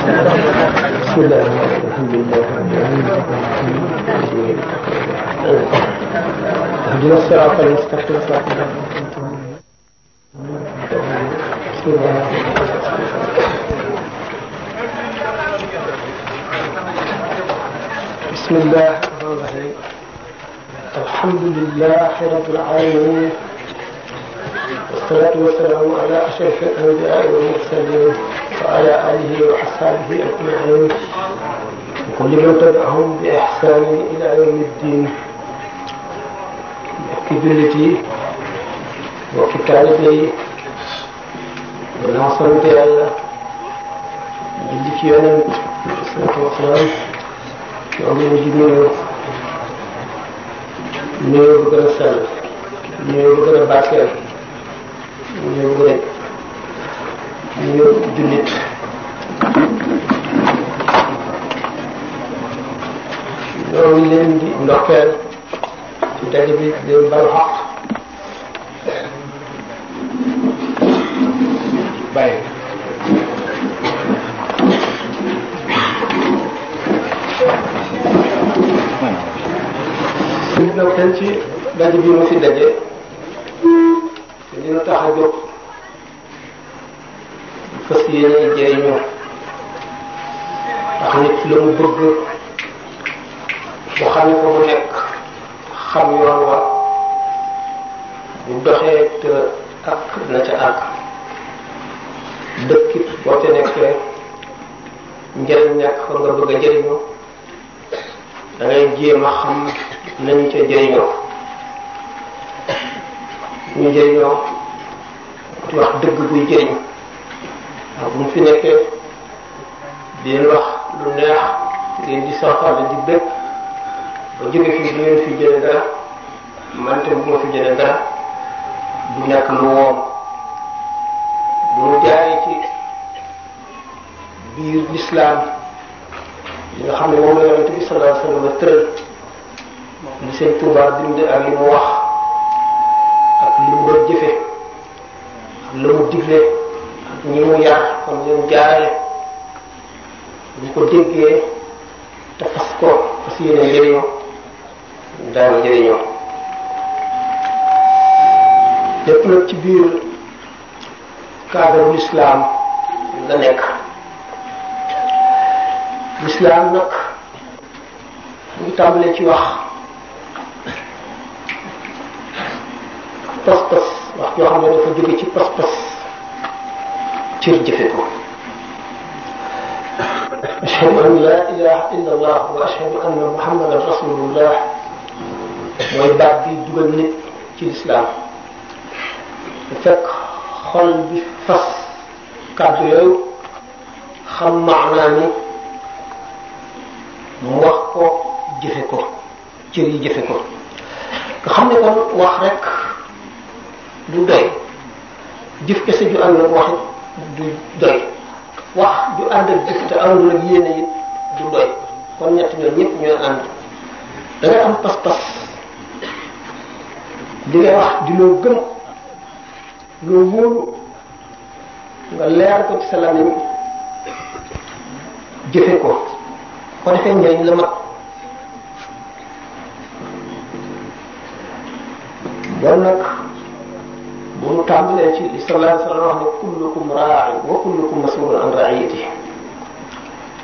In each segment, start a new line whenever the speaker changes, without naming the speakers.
بسم الله الحمد لله رب العالمين اهدنا الصراط المستقيم صراط بسم الله بسم الله الرحمن الرحيم الحمد لله رب العالمين والصلاة والسلام على أشرف الأنبياء والمرسلين وعلى آله وأصحابه أجمعين وكل من تبعهم بإحسان إلى يوم الدين mbokki jullit yi mbokki taalibe yi danaa sant yàlla julli ci yonent salaatu wasalaam ñoo ngi leen di nuyu nuyu bu gën a sell nuyu bu gën a barkeel ñu wure ñu jullit ñoo ngi leen ci daje bi leen baal xaq bàyyi ñu ndokkeel bi mu daje te dina tax a jóg fas yéene jëriñoo ndax nit la mu bëgg bu xamee ko mu nekk xam yoon wa bu doxee te ak na ca àgg dëkkit boo ca nekkee njëriñ nekk fa nga bëgg a jëriñoo da ngay a xam nañ ca jëriñoo ñu jëriñoo di wax dëgg buy jëriñ waaw bu mu fi nekkee di leen wax lu neex ngeen di saafara di bépp ba jóge fii du leen fi jëlee dara man tam bu ma fi jëlee dara du nekk lu woom bu ñu jaaree ci biir lislaam li nga xam ne moom la yonent bi sallallahu alayhi wa sallam tëral li seen tubaab bind ak li mu wax jëfee xam la mu digle ñi mu yar xam ñi mu jaarale ko déggee te fas ko fas yéene njëriñoo daan njëriñoo lépp nag ci biir cadre bu la nekk lislaam nag mu ngi tàmbalee ci wax pas-pas wax yoo xam ne dafa jóge ci pas-pas cër jëfe ko ashhadu an la ilaha illa allah wa ashhadu anna muhammadan rasulullah mooy baat bi dugal nit ci lislaam bu fekk xol bi fas kàddu yooyu xam maanaa ni mu wax ko jëfe ko cër yi jëfe ko nga xam ne kon wax rek du doy jëf kese ju ànd ak wax du doy wax ju ànd ak jëf te àndul ak yéene du doy kon ñett ñoom ñëpp ñoo ànd da am pas-pas li ngay wax di loo gëm loo wóolu nga leer ko ci sa lamiñ ko ko defee njëriñ la mat bi sallallahu alayhi wa sallam wax wa kullukum mas'ulun an ra'iyatihi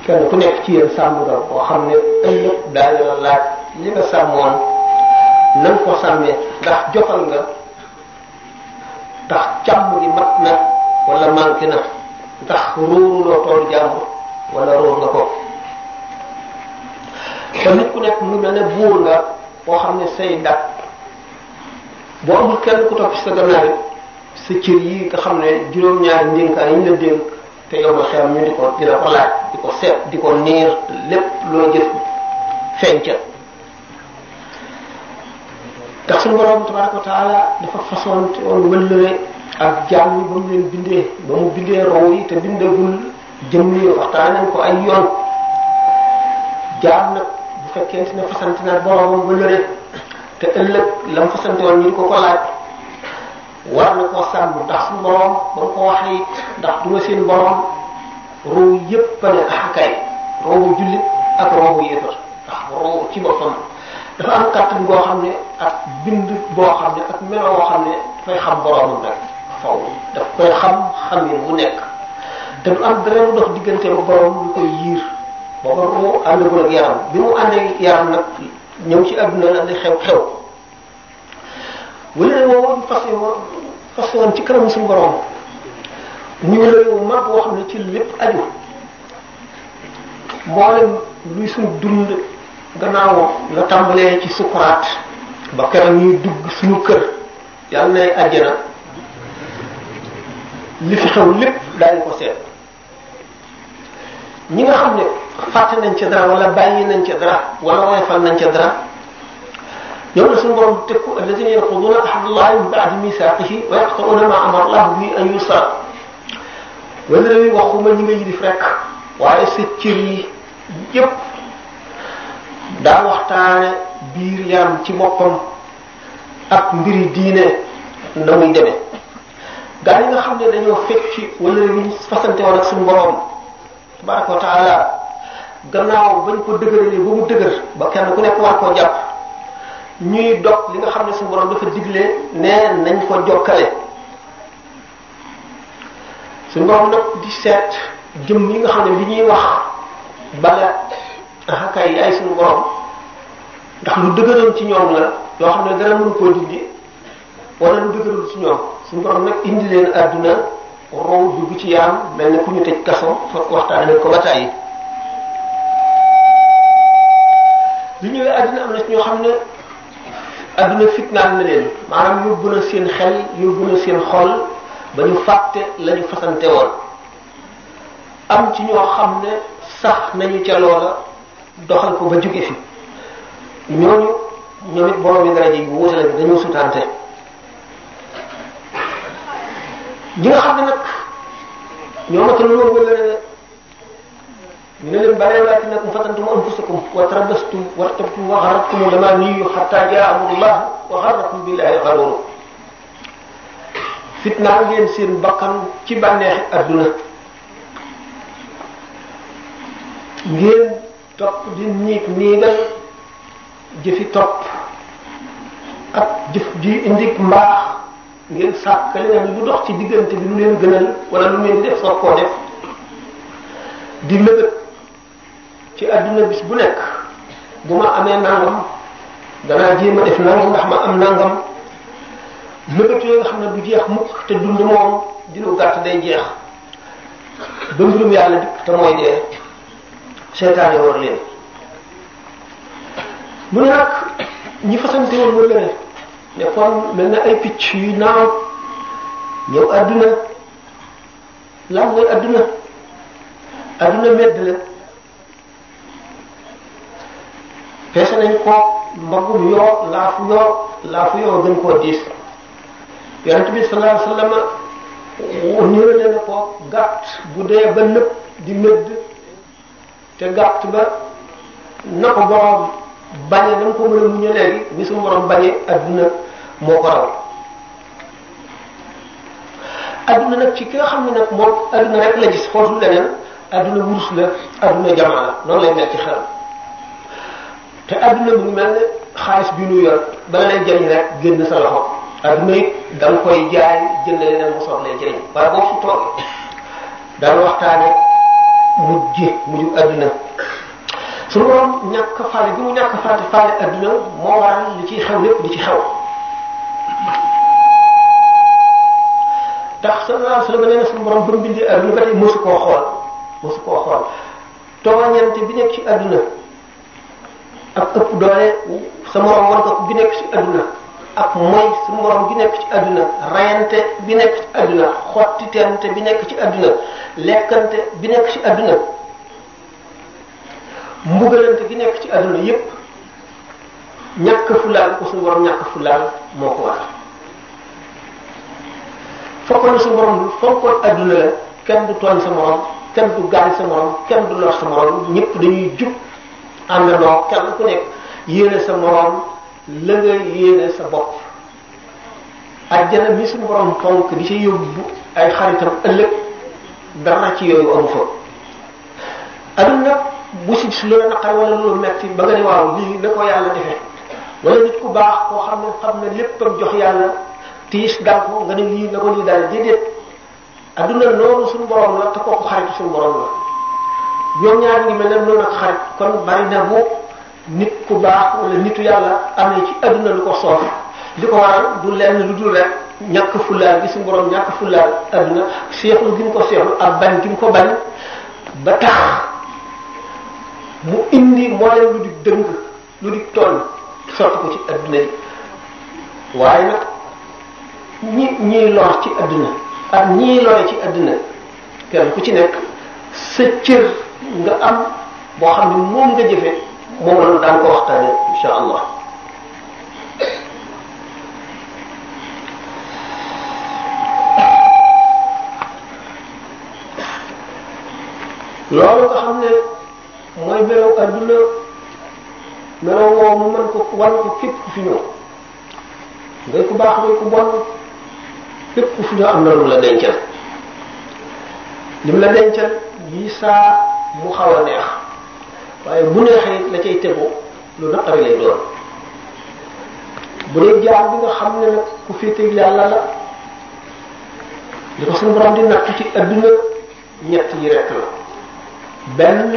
kenn ku nekk ci yéen sàmm nga boo xam ne ëllëg daañu la li nga sàmmoon na ko sàmmee ndax jotal nga ndax càmm gi mat na wala manqué na ndax ruuru loo tool jàmbur wala ruur nga ko te ku nekk mu ne buur nga boo xam ne say ndax boo amul kenn ku topp ci sa gannaaw sa cër yi nga xam ne juróom-ñaari ndénkaan yi ñu la dénk te yow ma xew ñu di ko di la ko laaj di ko seet di ko niir lépp loo jëf feeñ ca ndax suñu te woon yi ba mu leen bindee ba mu te bindagul jëmm yi waxtaan nañ ko ay yoon jaam nag bu fekkee ne fasante na boromam wëllëre te ëllëg la mu fasante woon ñu di ko ko war na koo sàmm ndax suñu borom ba mu ko ndax du ma seen borom roobu yëpp a ne axakay ah roobu jullit ak roobu yéefar ndax roobu ci boppam dafa am kàttan boo xam ne ak bind boo xam ne ak melo xam ne dafay xam boromam rek faw daf koy xam xam ne mu nekk te am dara dox diggante ba borom lu koy yiir booba roo àndagul ak yaram bi mu àndee yaram nag ñëw ci àdduna la di xew xew. wala woowoon fas yoo fas yoon ci kanamu suñu borom ñu lëyu mag boo xam ne ci lépp aju mboolem luy suñu dund gannaaw la tàmbalee ci sukuraat ba keroog ñuy dugg suñu kër yàlla nay àjjana li fi xew lépp daañu ko seet ñi nga xam ne fàtte nañ ca dara wala bàyyi nañ ca dara wala fal nañ ca dara yow la suñu borom tëkku alladina yanquduna ahdallahi min ba'di mithaqihi wa yaqta'una ma amara allahu bi an yusal wala la waxuma ñi nga yilif rek waaye sa yi yëpp daa waxtaane biir yaram ci boppam ak mbiri diine na muy demee gaa yi nga xam ne dañoo fekki wala la ñu fasante woon ak suñu borom tabaraka wa taala gannaaw bañ ko dëgëralee ba mu dëgër ba kenn ku nekk war koo jàpp ñuy dox li nga xam ne suñu borom dafa digle ne nañ ko jokkale suñu borom nag di seet jëm yi nga xam ne li ñuy wax bala yi ay suñu borom ndax lu dëgëral ci ñoom la loo xam ne dara mënu koo dindi wala lu dëgëral ci ñoom suñu borom nag indi leen àdduna row dugg ci yaam mel ne ku ñu tëj kaso fekk waxtaane ko ba yi li ñëwee àdduna am na ñoo xam ne adduna fitnaan na leen maanaam yóbbu na seen xel yóbbu na seen xol ba ñu fàtte la ñu fasante woon am ci ñoo xam ne sax nañu ca loola doxal ko ba jóge fi ñooñu ñoom it borom yi dara ji wuute la dañoo sutante ñi nga xam ne nag ñoo matal loolu la ne leen balaa lakinnakum fatantum anfusakum wa tarabbastum wa rtabtum wa gharratkumul amaaniyyu hattaa jaa amrullah wa gharrakum billahi gharuur fitnaa ngeen seen bakkan ci bànneexi adduna ngeen topp di niig niigal jëfi topp ak jëf di indi mbaax ngeen sàkk li nga lu dox ci diggante bi lu leen gënal wala lu ngeen di def soo koo def di lëbët ci àdduna bis bu nekk bu ma amee nangam danaa jéem def nangam ndax ma am nangam mëbëtu yoo nga xam ne du jeex mukk te dund moom dinu gàtt day jeex ba mbirum yàlla dikk te mooy dee seytaane war leen mu nag ñi fasante woon wala ne ne kon mel na ay picc yu naaw ñëw àdduna lan àdduna àdduna medd la fees nañ ko mbaggum yoo laafu yoo laafu yoo gën koo diis yonent bi sallallahu alayhi wasallam nirale na ko gàtt bu dee ba nëpp di mëdd te gàtt ba na ko borom bañe na mu ko ni su borom bañe adduna moo ko raw adduna nag ci ki nga xam ne nag moom adduna rek la gis xootul leneen adduna wurus la adduna jamaa la noonu lay mel ci xelam te adduna mu mel ne xaalis bi ñu yor ba nga lay jëriñ rek génn sa loxo adduna it da nga koy jaay jënd leneen mu soog lay jëriñ waaye boo fi toogee waxtaane mujj mujju adduna su moom faale bi mu ñàkk faale adduna moo waral li ci xew lépp di ci xew ndax sallallahu alayhi wasallam nee na suñu borom ba mu bindee adduna ba tey mosu koo xool mosu koo bi nekk ci adduna ak ëpp doole sa morom war ko bi nekk ci adduna ak mooy sa morom bi nekk ci adduna rayante bi nekk ci adduna xottitente bi nekk ci adduna lekkante bi nekk ci adduna mbugalante bi nekk ci adduna yépp ñàkk fulaal ko suñu borom ñàkk fulaal moo ko waral fokkoon suñu borom lu fokkoon adduna kenn du tooñ sa morom kenn du gaañ sa morom kenn du lor sa morom ñëpp dañuy jub am na noo kenn ku nekk yéene sa moroom la nga yéene sa bopp ajjana mi suñu borom fonk di ci yóbbu ay xaritam ëllëg dara ci yooyu amu fa aduna bu si su la naqar wala lu metti ba nga ne waaw lii na ko yàlla defee wala nit ku baax koo xam ne xam ne léppam jox yàlla tiis dal ko nga ne lii na ko lii daal déedéet aduna noonu suñu borom la te kooku xaritu suñu borom la ñoom ñaar ngi mel ne noonu ak xarit kon bari na bu nit ku baax wala nitu yàlla amee ci adduna lu ko soof li ko waral du lenn lu dul rek ñàkk fulaal gi su ñàkk fulaal adduna seexlu gi mu ko seexlu ak bañ gi mu ko bañ ba tax mu indi mboolem lu di dëng lu di toll sotti ko ci adduna yi waaye nag ñi ñiy lor ci adduna ak ñii lore ci adduna kenn ku ci nekk sa cër nga am boo xam ne moom nga jëfe moom la daan ko waxtaane insha allah loolu nga xam ne mooy melaw adduna melaw mu mën ko wan ko képp ku fi ñëw ngay ku baax ngay ku bon képp ku fi ñëw am na lu la dencal li mu la dencal yi saa mu xaw a neex waaye bu neexee la cay tegu lu naqari lay doon bu dee jaar bi nga xam ne nag ku féeteeg yàlla la li ko suñu borom di nattu ci adduna ñett yi rek la benn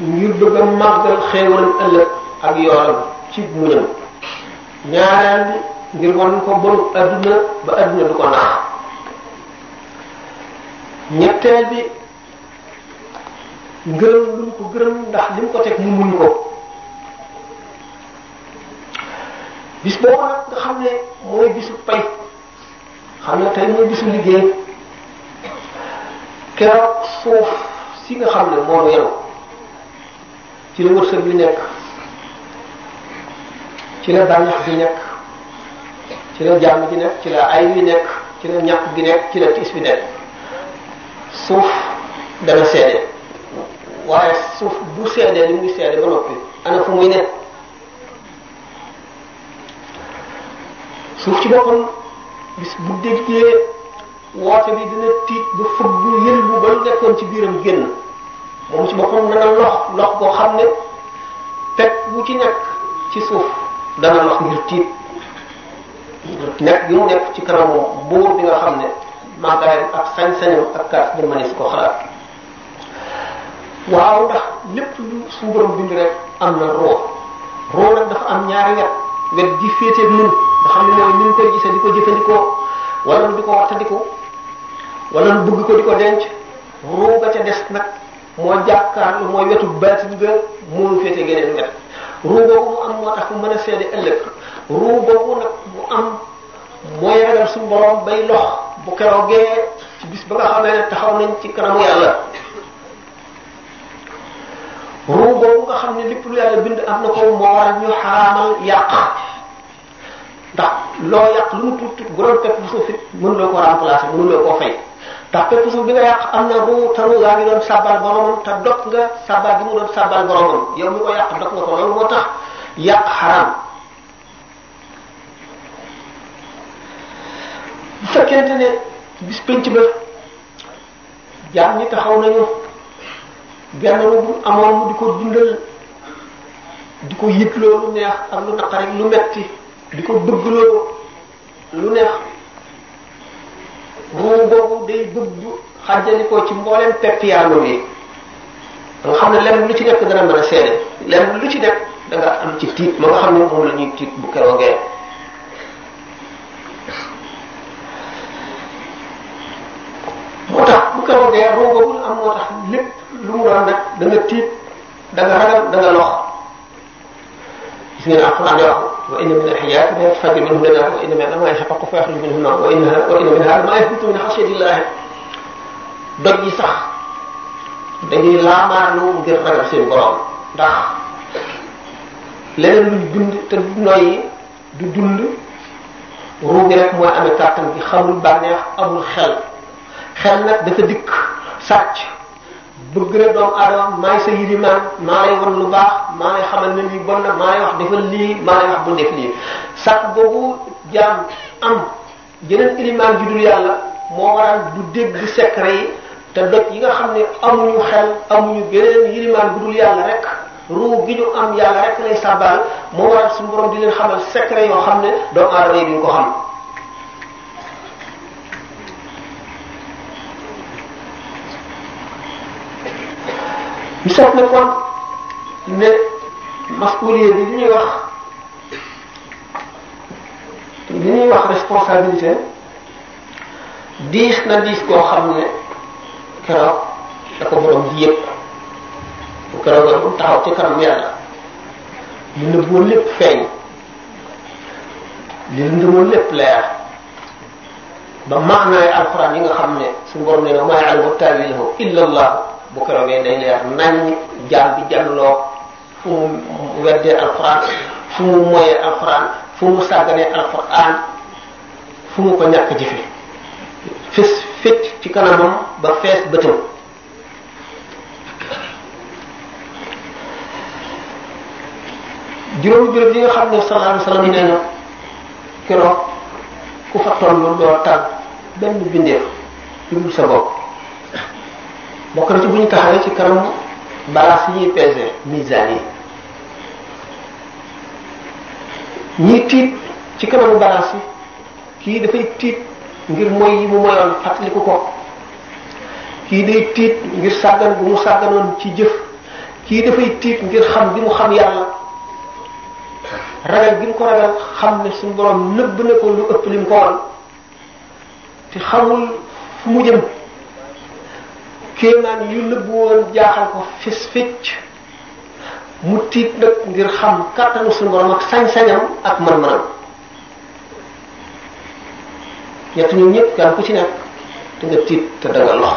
ngir bëgg a màggal ëllëg ak yoonam ci muñam ñaareel bi ngir wan ko bonu adduna ba adduna du ko naax ñetteel bi gërëm lu mu ko gërëm ndax li mu ko teg mu muñ ko bis boobu nag nga xam ne mooy bisu pay xam ne tey mooy bisu liggéey keroog suuf si nga xam ne moom yenu ci la wërsëg bi nekk ci la bànneex bi nekk ci la jàmm bi nekk ci la ay bi nekk ci la ñàkk bi nekk ci la tiis bi nekk suuf dana seede waaye suuf bu seedee ni muy seede ba noppi ana fu muy nekk suuf ci boppam bis bu déggee woote bi dina tiit ba fëgg yël bu ba nekkoon ci biiram génn moom ci boppam dana lox lox boo xam ne pet bu ci nekk ci suuf dana lox ngir tiit nekk bi mu nekk ci kanamu buur bi nga xam ne maagaayam ak sañ-sañam ak kaas bi mënees ko xalaat waaw ndax lépp lu suñu borom bind am na roo roo nag am ñaari wet wet di féeteeg ñun nga xam ne mooy ñun koy di ko jëfandikoo wala di ko wattandiko wala bëgg ko di ko denc roo ga ca des nag moo jàkkaarlu mooy wetu baatin moo féete geneen wet ruu boobu mu am moo tax mu mën a seede ëllëg ruu boobu nag mu am mooy ragal suñu borom bay lox bu keroogee ci bis ba nga xamee ne ci kanamu yàlla lépp lu yàlla bind am na ko moo waral ñu xaraamal yàq ndax loo yàq lu mu tuut tuut bu doon pepp suuf it mënuloo ko remplacer mënuloo koo fay ndax pepp suuf bi nga yàq am na ruu te ruu yaa ngi doon sabbal te dog nga sabbal gi mu doon sabbal boromam yow mi ko yàq dog nga ko loolu amoon mu di ko dundal di ko yëg loolu neex ak lu naqari lu metti di ko bëgg loolu lu neex ruu boobu day bëgg xàjjali ko ci mbooleem pepp yaanu yi ba nga xam ne lenn lu ci nekk dana mën a seede lu ci nekk da nga am ci tiit ma nga xam ne moom la tiit bu keroogee moo tax bu keroogee ruu boobu am moo tax lépp lu mu doon nag da tiit da ragal da lox gis ngeen alquran di wax wa inna min alxijaab la yatafajjaru minhu al-anhaar wa inna min al-anhaari shaqiiqun fa yaxruju minhu al-maa wa inna wa inna minhaa lamaa yanbitu min xashyatillaahi doj yi sax dañuy laamaarlu ngir ragal seen borom ndax leneen luñ dund te du noyyi du dund ruu gi rek mooy amee kàttan gi xamul bànneex amul xel xel nag dafa dikk sàcc. bëgg na doomu aadama maay sa yilimaan maa lay wan lu baax maa lay xamal ne lii bon na maa wax defal lii maa lay wax bu def lii sàkk boobu jaam am yeneen ilimaan ju dul yàlla moo waral du dégg secret yi te doj yi nga xam ne amuñu xel amuñu beneen yilimaan bu dul yàlla rek ruu gi ñu am yàlla rek lay sàbbaal moo waral suñu borom di leen xamal secret yoo xam ne doomu aadama yi duñ ko xam ñu seet na kon ne masuliye bi li ñuy wax li ñuy wax responsabilité diis na diis koo xam ne keroog da ko borom bi yëpp bu keroog la bu taxaw ci kanam yàlla li nëbboo lépp feeñ li lëndëmoo lépp leer ba maanaay alxuraan yi nga xam ne su borom ne na la almuttawilahu illa allah bu keroogee day leer nañ jaam bi jàlloo fu mu weddee alxuraan fu mu moyee alxuraan fu mu sàgganee alxuraan fu mu ko ñàkk jëfe fis fit ci kanamam ba fees bëtam juróomi béréb yi nga xam ne sallallahu alayhi wasallam nee na keroog ku fa tollu doo tàgg benn bindeef lu dul sa bopp bokk na ci bu ñu taxawee ci kanamu balance yi ñuy peser misaan yi tiit ci kanamu balance yi kii dafay tiit ngir mooy yi mu moyoon fàttaliku ko kii day tiit ngir sàggan bu mu sàgganoon ci jëf kii dafay tiit ngir xam bi mu xam yàlla ragal gi mu ko ragal xam ne suñu borom nëbb na ko lu ëpp li mu ko wan te xamul fu mu jëm kéemaan yu nëbbu woon jaaxal ko fis mu tiit nag ngir xam kattanu suñu borom ak sañ-sañam ak mën-mënam ñett ñun ñëpp kenn ku ci nekk te nga tiit te da nga lox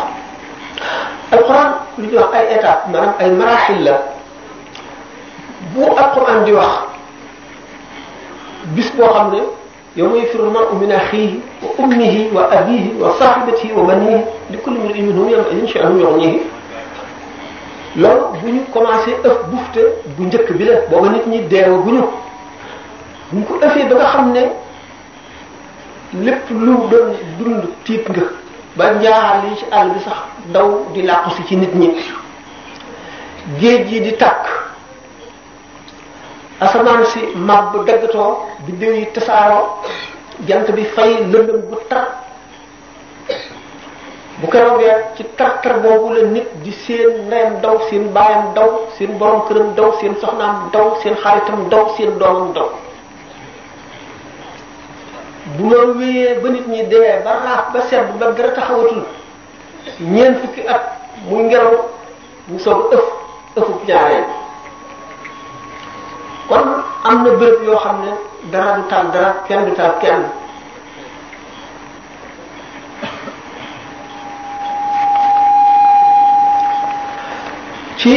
alquran lu ñuy wax ay étape maanaam ay maraaxil la bu alquran di wax bis boo xam ne yawma yafirru al-mar'u min akhihi wa ummihi wa abihi wa sahibatihi wa banihi li kulli imri'in minhum yawma'idhin sha'nun yughnihi loolu bu ñu commencé ëf bufte bu njëkk bi la booba nit ñi deewa bu bu ñu ko ëffee ba nga xam ne lépp lu doon dund tiit nga ba njaaxal yi bi sax daw di laa si ci nit ñi géej di takk asamaan si màbb daggatoo biddew yi tasaaroo jant bi fay lëndëm bu tar bu keroogee ci tar-tar boobu la nit di seen ndeyam daw seen baayam daw seen borom këram daw seen soxnaam daw seen xaritam daw seen doomam daw bu loolu wéyee ba nit ñi dee ba raaf ba sedd ba dara taxawatul ñeent fukki at muy ngelaw mu soog ëf ëfu ñaareel kon am na bërëb yoo xam ne dara du taal dara kenn du taal kenn ci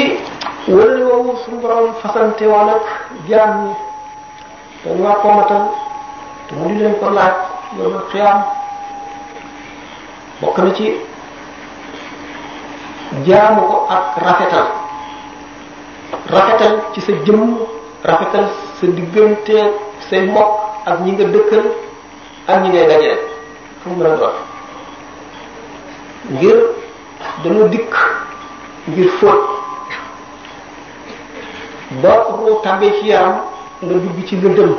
wërale woowu suñu fasante woon ak jaam ñi dañu te mu di leen ko laaj yow xiyaam bokk na ci jaamu ko ak rafetal rafetal ci sa jëmm rafetal sa diggante say mbokk ak ñi nga dëkkal ak ñi ngay dajeel fu mu la ngir dañu dikk ngir fóot ba mu tàmbee ci yaram nga dugg ci lëndëm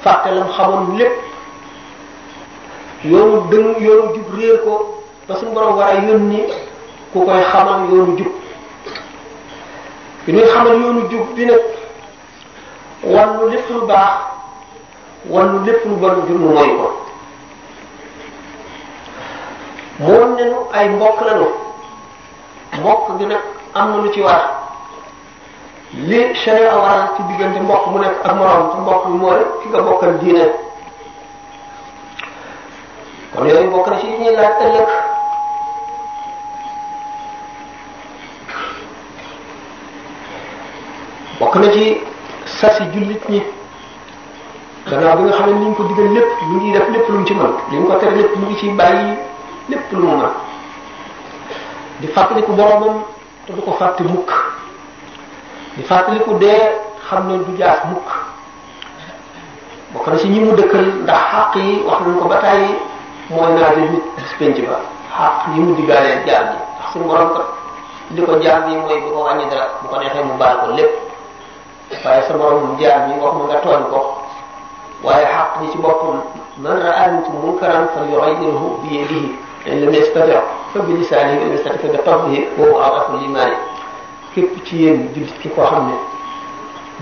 fàtte lam xamoon lépp yoonu dëng yoonu jub réer ko ba suñu borom war a yónni ku koy xamal yoonu jub bi ñuy xamal yoonu jub bi nag wallu lépp lu baax wallu lépp lu bon jur mu mooy ay mbokk lañu mbokk gi am na lu ci war li sharia waral ci diggante mbokk mu nekk ak moroom ci mbokk bi mooy ki nga bokkal diine kon yooyu bokk na ci li ñuy laaj ëllëg sasi jullit ñi gannaaw bi nga xam ne ni ñu ko digal lépp mu ngi def lépp lu mu ci mën li mu ko tere lépp mu ngi ciy bàyyi lu mu mën di fàttaliku boromam te ko fàtte mukk di fàttaliku dee xam ne du jaas mukk bokk na si ñi mu dëkkal ndax xàq yi wax nañ ko ba tàyyi mooy naa nit bis penc ba xàq yi mu digaalee jaar bi ndax suñu borom ko li ko jaar bi mooy bu ko wàññi dara bu ko neexee mu baal ko lépp waaye sa borom jaam yi wax ma nga tooñ ko waaye xaq ni ci boppam man ra'a minkum munkaran falyughayyirhu bi yadihi fa in lam yastati' fa bi lisaanihi wa in lam yastati' fa bi qalbihi wa huwa ad'afu l-iimaan képp ci yéen jullit ki koo xam ne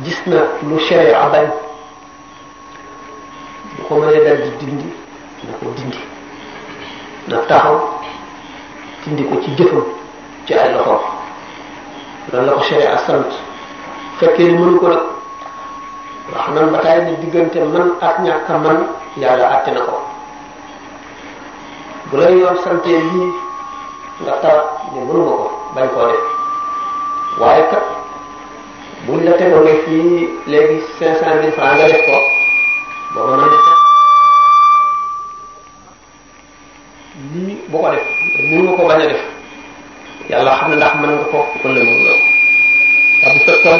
gis na lu sharia bañ bu ko mënee dal di dindi na ko dindi na taxaw dindi ko ci jëfam ci ay loxo loolu la ko sharia sant fekkee ni mënu ko nag wax nan ba tàyyi ni diggante man ak ñàkk a man yàlla àtte ko bu la yoon sante lii nga tawat ni mënu ko bañ koo def waaye kat buñ la tegoon ne fii léegi cinq cent mille francs nga def ko ba ma mën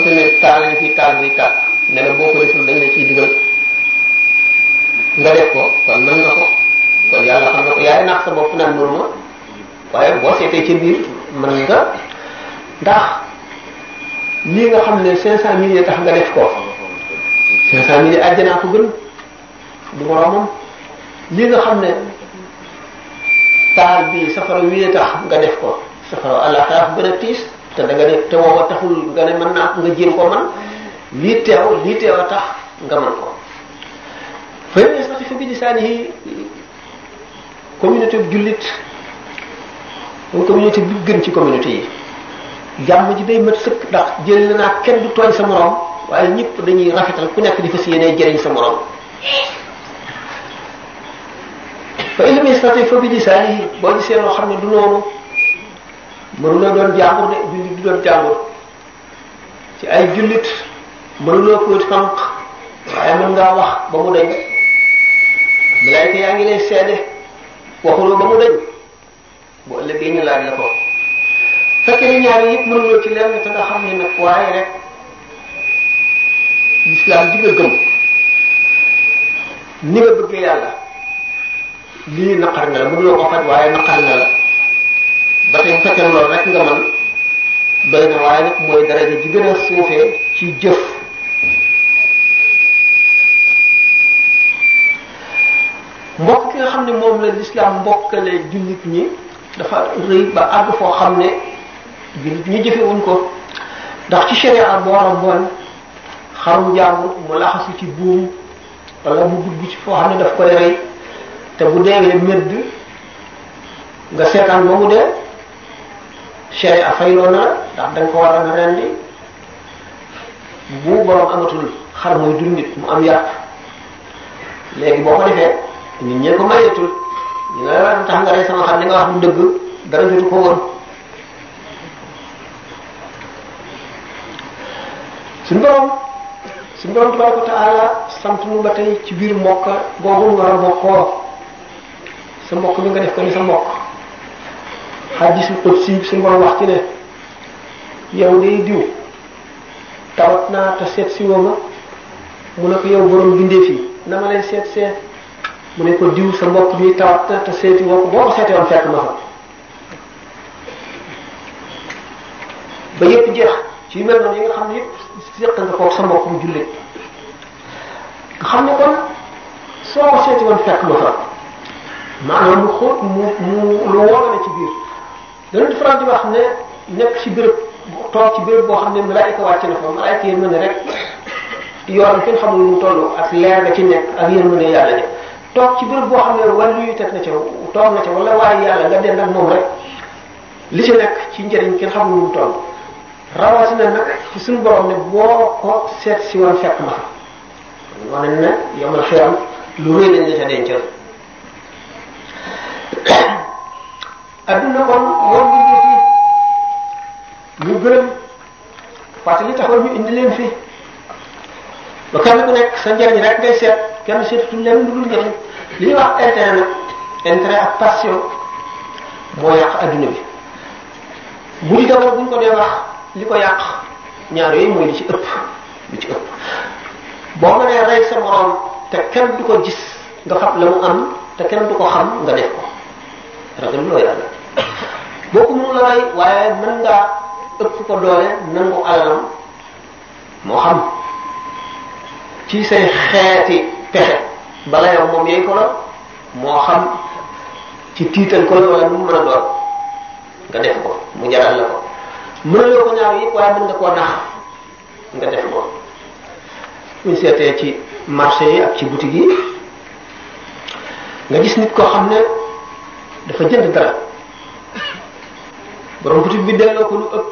xamante ne taal nañ fi taal buy tàkk ne ko deful dañ la ciy dugal nga def ko kon mën nga ko kon yàlla xam na ko yaay naax sa bopp naan mënu ma waaye boo seetee ci biir mën nga ndax lii nga xam ne cinq mi mille tax nga def ko cinq cent mille àjjanaa ko gën du moroomam lii nga xam ne taal bi safara wii tax nga def ko safara àllaxira gën a tiis te da nga ne te wooba taxul nga ne mën naa nga jéem ko man lii teew lii teew a tax nga man ko fa yastatifu bi communauté bu jullit mooy ci communauté yi jàmm ji day mat sëkk ndax jël du tooñ sa morom waaye ñëpp dañuy rafetal ku nekk di fas yéene jëriñ sa morom fa illam yastati fa bi boo gisee xam ne du noonu mënuloo doon jàmbur de jullit doon jàmbur ci ay jullit mënuloo ko xànq waaye mën ngaa wax ba mu dañ malayka yaa ngi lay seede waxuloo ba mu dañ bu ëllëgee ñu laaj la ko fekkee ni ñaari yëpp mënuloo ci lenn te nga xam ne nag waaye rek lislaam ji nga gëm ni nga bëggee yàlla lii naqar na la mënuloo ko faj waaye naqar na la ba tey bu fekkee loolu rek nga mën bëri na waaye mooy daraja ji gën a suufee ci jëf mbokk ki nga xam ne moom la lislaam mbokkale jullit ñi dafa rëy ba àgg foo xam ne jullit ñi jëfewuñ ko ndax ci sharia boo romboon xarum jàmbur mu laxasu ci buum wala mu dugg ci foo xam ne daf koy rey te bu deewee mëdd nga seetaan ba mu dee sharia fayloo na ndax da ko waroon a rendi bu borom amatul xar mooy dul nit mu am yàpp léegi boo ko defee nit ñee ko mayeetul ñu ne la tax nga rey sama xar li nga wax mu dëgg dara tey ci biir mbokk googu nga war a sa mbokk bi nga def ko ni sa mbokk xaddisul qudsi bi suñu borom wax ci ne yow day diw tawat naa te seet si woo mu ne ko yow borom bindee fii na ma lay seet seet mu ne ko diw sa mbokk bi tawat na te seeti woo ko boo ko seetee woon fekk ma fa ba ci noonu yi nga xam ne yépp séq nga mu jullit nga xam ne ko seeti woon fekk ma fa maanaam lu ci biir dañu faral di ne nekk ci béréb toog ci boo xam ne malaayika a rek yoon fi xamul leer ga ci nekk ak yéen toog ci béréb boo xam ne wàllu yu teg na ca toog na ca wala waaye nga dend ak moom rek li ci nekk ci njëriñ kenn xamul nu mu toll rawatina nag ci suñu borom ne boo ko seet si woon fekk ma wane ne yomal xiyam lu rëy lañ la ca adduna kon yoon bi ñu que taxoon ñu indi leen fi ba kenn ku sa njëriñ rek kenn seetatuñ leen lu li ñuy wax intérêt nag intérêt buñ ko dee wax li ko yàq ñaar yooyu mooy li ci ëpp li ci ëpp boo mënee rey sa moroom te kenn du ko gis nga xam la mu am te kenn du ko xam nga def ko ragal loo yàlla bokku mu la rey waaye mën ngaa ëpp ko doole nangu alalam moo xam ci say xeeti pexe bala yow moom yey ko la moo xam ci tiital ko la wala mu mën a doon nga def ko mu jaral la ko mën yëpp waaye mën nga koo nax nga def ko ñu seetee ci marché yi ak ci boutique yi nga gis nit koo xam ne dafa jënd dara borom boutique bi delloo ko lu ëpp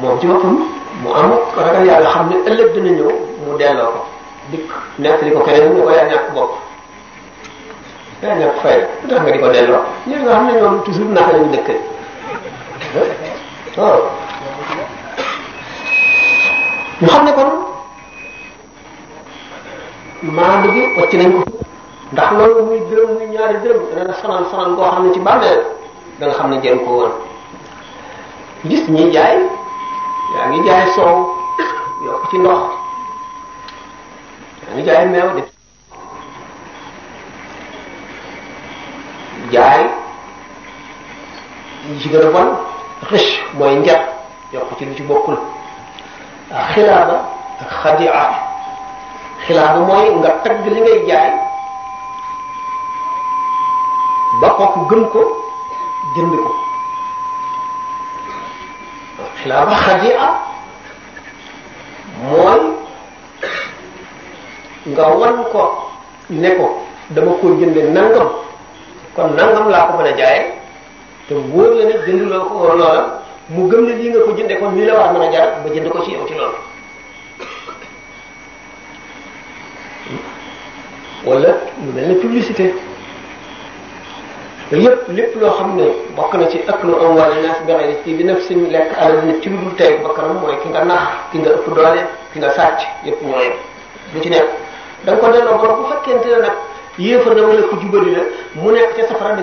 moom ci boppam mu am ragal yàlla xam ne ëllëg dina ñëw mu delloo ko dikk nekk li ko keneen ñu ko yaa ñàkk bopp yaa ñàkk fay tax nga di ko delloo ñi nga xam ne ñoom toujours naka lañu dëkk waaw ñu xam ne kon maandu gi wàcc nañ ko ndax loolu muy dërëm muy ñaari dërëm dana fanaan fanaan boo xam ne ci bàmmeel da xam ne jël ko woon ñi jaay yaa ngi jaay soow yokk ci ndox yaa ngi jaay meew def jaay yi ci gën a bon riche mooy njab yokk ci lu ci bokkul xilaaba ak xadi'a xilaaba mooy nga tagg li ngay jaay ba kooku gëm ko jënd ko xilaaba xadia mooy nga wan ko ne ko dama ko jënde nangam kon nangam laa ko mën a jaaye te wóor la ne jënd loo mu gëm ne lii nga ko jënde kon lii la war mën a jaar ba jënd ko ci yow ci loolu wala lu mel ne publicité yooyu lépp loo xam ne bokk na ci ëpp lu am wala naas bexeri ci bi lekk alal nit ci lu dul tey bakkanam mooy ki nga nax ki nga ëpp doole ki nga sàcc yépp ñooy lu ci nekk da nga ko delloo borom bu ne nag yéefar ko jubali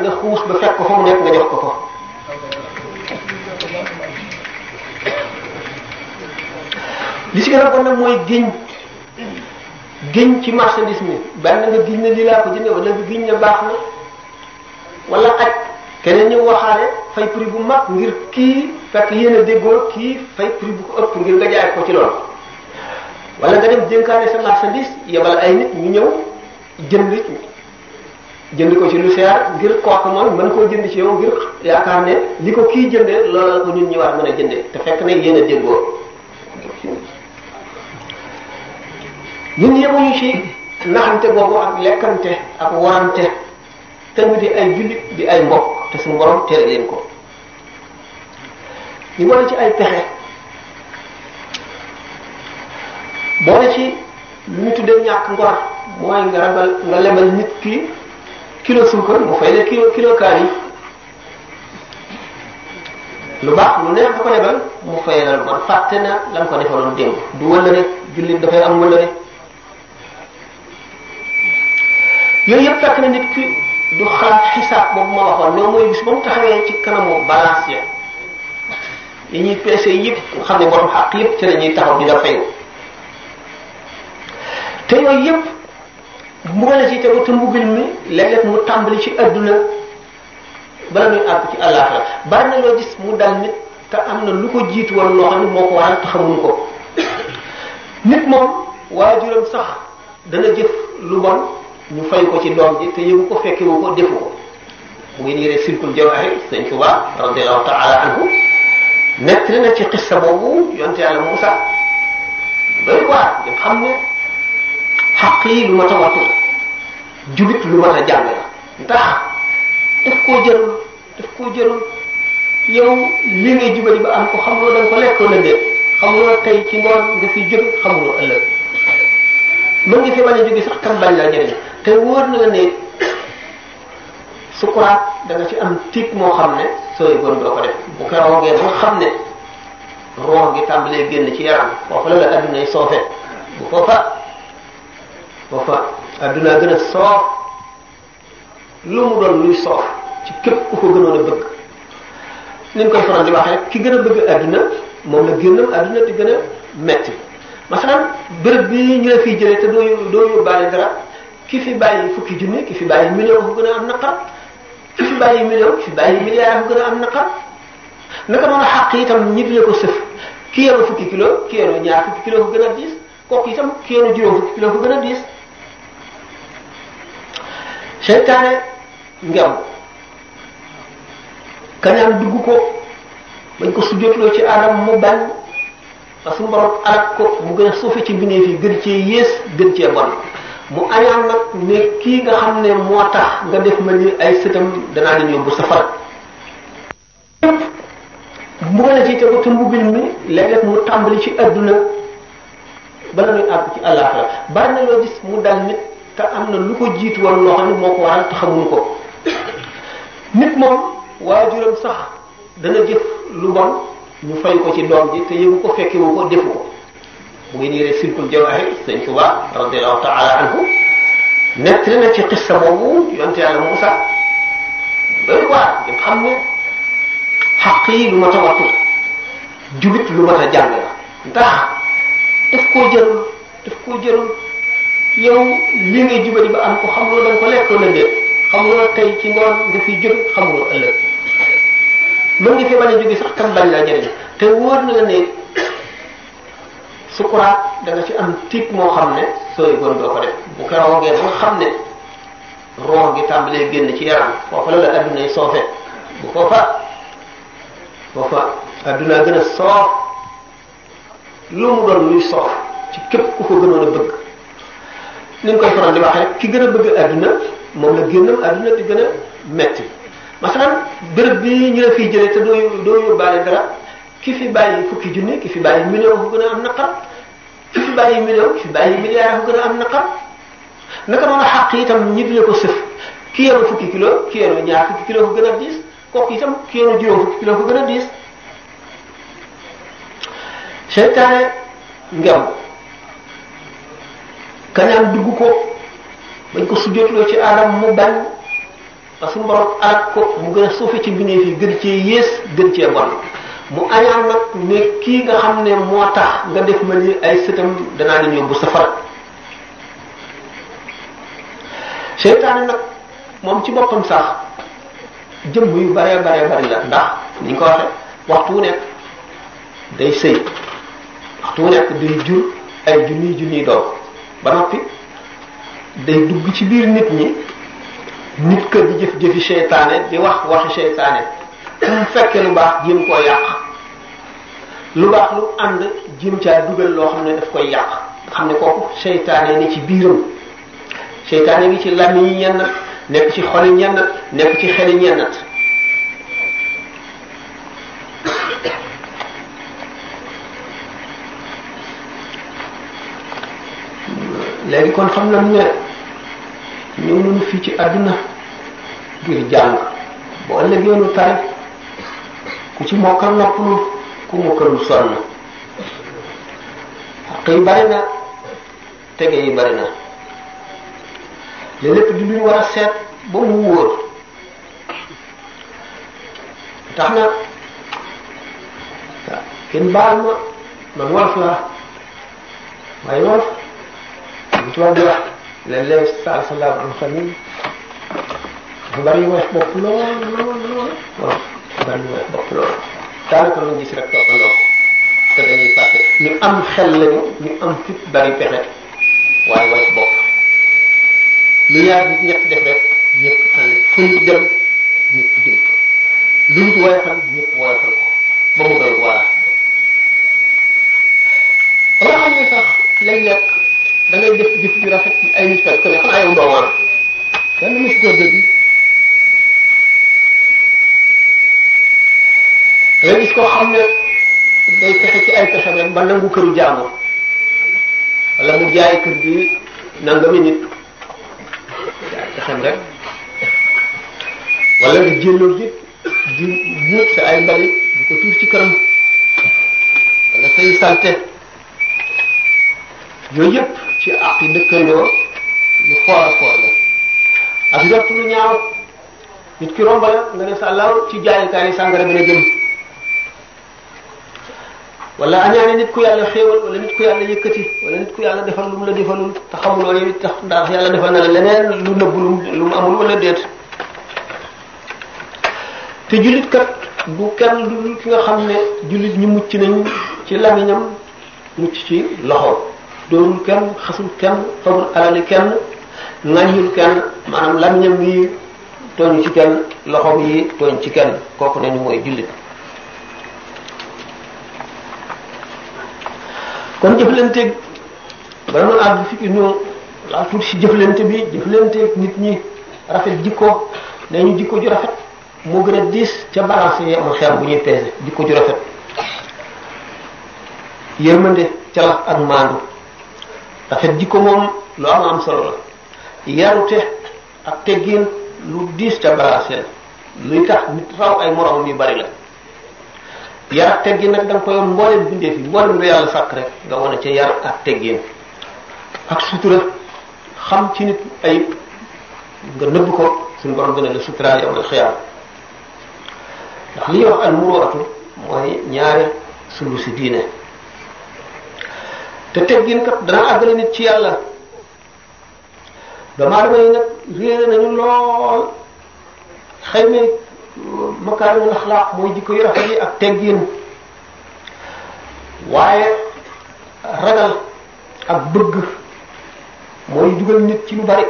nga xuus fekk ko fa mu nekk nga jox ko ko li ci gën a bon nag mooy giñ giñ ci marchandise mi nga giñ na lii laa ko jënde wala nga giñ baax na wala aj keneen ñëw waxaale fay prix bu mag ngir kii fekk yéen a déggoo kii fay prix bu ko ëpp ngir nga jaay ko ci loolu wala nga dem dénkaane sa marchandise yebal ay nit ñu ñëw jënd jënd ko ci lu seer ngir kooku moom mën koo jënd ci yow ngir yaakaar ne li ko kii jëndee loola la ko ñun ñu war mën a jëndee te fekk ne yéen a déggoo ñun yemuñu ci naxante boobu ak lekkante ak warante te ñu di ay jullit di ay mbokk te suñu tere leen ko ñu boole ci ay pexe boole ci lu ñu tuddee ñàkk ngor mooy nga rabal nit ki kilo suukar mu fay la kilo kilo lu baax lu neex bu ko lebal mu fay la lu fàtte na la ko defaloon démb du wëlla rek jullit dafay am wëlla rek yooyu yëpp fekk nit ki du xalaat xisaab boobu ma waxoon ne mooy bis ba mu taxawee ci kanamu balance ya li ñuy peese yëpp nga xam ne borom xaq yëpp ci la ñuy taxaw di la fayu te yooyu yëpp mbugal ci mu tàmbali ci adduna bala muy àgg ci àllaaxira bari na dal te am na lu ko jiitu woon loo xam ne moo ko waral taxamuñu ko nit moom waajuram sax dana jëf lu bon ñu fay ko ci doom ji te yëgu ko fekkewu ko defu ko mu ngi yéree silkul jawahir sëñ Tuba radiallahu taala anhu nettali na ci xissa boobu yonte yàlla Musa doy waar ñu xam ne xaq yi lu mat a wattu la julit lu mat a jàng la ndax daf koo jërul daf koo jërul yow li ngay jubali ba am ko xamuloo da nga ko lekk la déet xamuloo tey ci ngoon nga fi jóg xamuloo ëllëg mën nga fi mën a jóge sax tam bañ laa jëriñ te wóor na la ne sukuraat da ci am tiit moo xam ne sooy bon doo ko def bu ko roogee ba xam ne roog gi tàmbalee génn ci yaram foofu la la addunay soofe bu foofa foofa addunaa lu mu doon luy soof ci képp ku ko gënoon a bëgg ni ñu koy faral di waxee ki gën a bëgg adduna moom la génnam adduna di gën a metti masalan béréb bi ñu la fiy jëlee te doo yóbbaale dara ki fi bàyyi fukki junni ki fi bàyyi million fu gën a am naqar ki fi bàyyi million ki fi bàyyi milliard fu gën a am naqar naka noonu xàq itam ñi di ko sëf ki yenu fukki kilo ki yenu ñaar fukki kilo fu gën a diis kooku itam ki yenu juróom fukki kilo fu gën a diis seytaane ngew kañaan dugg ko bañ ko sujjootloo ci adam mu bañ parce que borom alak ko mu gën a suufe ci mbindeef yi gën cee yées gën cee bon mu añaan nag ne kii nga xam ne moo tax nga def ma ni ay sëtam danaa leen yóbbu safara mbugal a ci tegu te mbugal mi léeg-léeg mu tàmbali ci àdduna bala muy àgg ci àllaaxira bari na loo gis mu dal nit te am na lu ko jiit woon loo xam ne moo ko waral te xamuñu ko nit moom waajuram sax dana jëf lu bon ñu fay ko ci doom ji te yëgu ko fekkewu ko defu ko bu ngeen yéree silkul jawaahi sëñ Tuba radiallahu taala anhu nett na ci xissa boobu yonte yàlla Moussa doy waar ngeen xam ne xaq yi lu ma ta wattu la julit lu ma ta jàng la ndax daf koo jërul daf koo jërul yow li ngay jubali ba am ko xamuloo da nga ko lekk la déet xamuloo tey ci ngoon nga fiy jóg xamuloo ëllëg mën nga fi bañ a jóge sax tam bañ laa jëriñ te wóor na la ne sukkuraat da nga ci am tiit moo xam ne sooy bon doo ko bu keroogee ba nga xam ne roox gi tàmbalee génn ci yaram foofa la la addunay soofe bu foofa foofa gën a soof lu mu doon luy soof ci képp ku ko gënoon a bëgg ni nga koy faral di wax ki gën a bëgg adduna moom la génnam adduna di gën a metti masalan béréb bi ñu la fiy jëlee te doo doo dara ki fi bàyyi fukki junni ki fi bàyyi million bu gën a am naqar fi mu fi mu bàyyi milliard ko gën a am naqar naka noonu xàq itam ñi duñu ko sëf ki yoru fukki kilo ki ñaar fukki kilo ko gën a diis kooku itam ki yoru juróom fukki kilo ko gën a diis seytaane ngem kañaan dugg bañ ko sujjootloo ci aadam mu bañ parce que borom alak ko mu gën a suufe ci mbindeef yi gën cee yées gën mu añaan nag ne kii nga xam ne moo tax nga def ma ni ay sëtam danaa leen yóbbu safara seytaane nag moom ci boppam sax jëmm yu bare bare bari la ndax ni ñu ko waxe waxtu wu nekk day sëy waxtu wu nekk day jur ay junniy junniy doom ba noppi day dugg ci biir nit ñi nit ka di jëf jëfi seytaane di wax waxi seytaane fu lu baax jéem koo yàq lu baax lu ànd jim caa dugal loo xam ne daf koy yàq xam ne kooku seytaane ni ci biiram seytaane ngi ci làmmiñ yi ñenn nekk ci xoli ñenn nekk ci xeli ñenn léegi kon xam nañ ne ñëw nañu fii ci àdduna ngir jàng boo ëllëgee lu tari ku ci mokkal noppalu ku mokkalul sonn xaq yi bari na tege yi bari na li lépp di luñ war a seet tax na kenn baal ma man wolof laa waaye wolof li tubaab di wax léeg sa laab am xam ni bari woyof bopp lool lool bari woyof bopp lool daanaka luñ gis rek toppandoo te dañuy fàtte am xel lañu am fit bari pexe waaye way bopp lu ñaar nit ñett def rek ñëpp ànd dem ñëpp jëm lu ñu woyofal ñëpp woyofal ko ba mu doon voilà ba nga xam ne sax léeg-léeg da ngay def jëf ju rafet ci ay nit fekk nga gis ko xam ne day fexe ci ay mu jaay kër gi nangami nit jaay pexem rek wala nga jëlloo yëpp di ay mbalit di ko tuur ci këram wala say salte yooyu yëpp ci àq yi dëkkandoo yu xool a xool ak jot lu ñaaw nit ki romb la nga ne sa law ci jaayukaay sàngara bi la jëm wala añaane nit ku yàlla xéewal wala nit ku yàlla yëkkati wala nit ku yàlla defal lu mu la defalul te xamuloo yow tax ndax yàlla defal na la leneen lu nëbb lu mu amul wala déet te jullit kat du kenn du ki nga xam ne jullit ñi mucc nañ ci lamiñam mucc ci loxoom doonul kenn xasul kenn fabul alali kenn ŋañul kenn maanaam lamiñam yi tooñ ci kenn loxoom yi tooñ ci kenn kooku nañu mooy jullit kon jëflanteeg bala noonu àgg fi ñu laal tuuti si jëflante bi jëflanteeg nit ñi rafet jikko nee ñu jikko ju rafet moo gën a diis ca balance yi amul xeer bu ñuy peese jikko ju rafet yërmande ca la ak maandu rafet jikko moom lu am am solo la yarute ak teggin lu diis ca balance la luy tax nit raw ay moroom yu bari la yar ak teggin nag da nga ko yor mboolem bindee fi mboolem lu yàlla sàkk rek nga wane ca yar ak teggin ak sutura xam ci nit ayib nga nëbb ko suñu borom gën a la sutura yow la xiyaar ndax li ñuy wax al muruwatu mooy ñaari sulu si diine te teggin kat dana àggale nit ci yàlla damaa damay nag réere nañu lool xëy na makaarimul axlaaq mooy jikko yu rafet yi ak teggin waaye ragal ak bëgg mooy dugal nit ci lu bari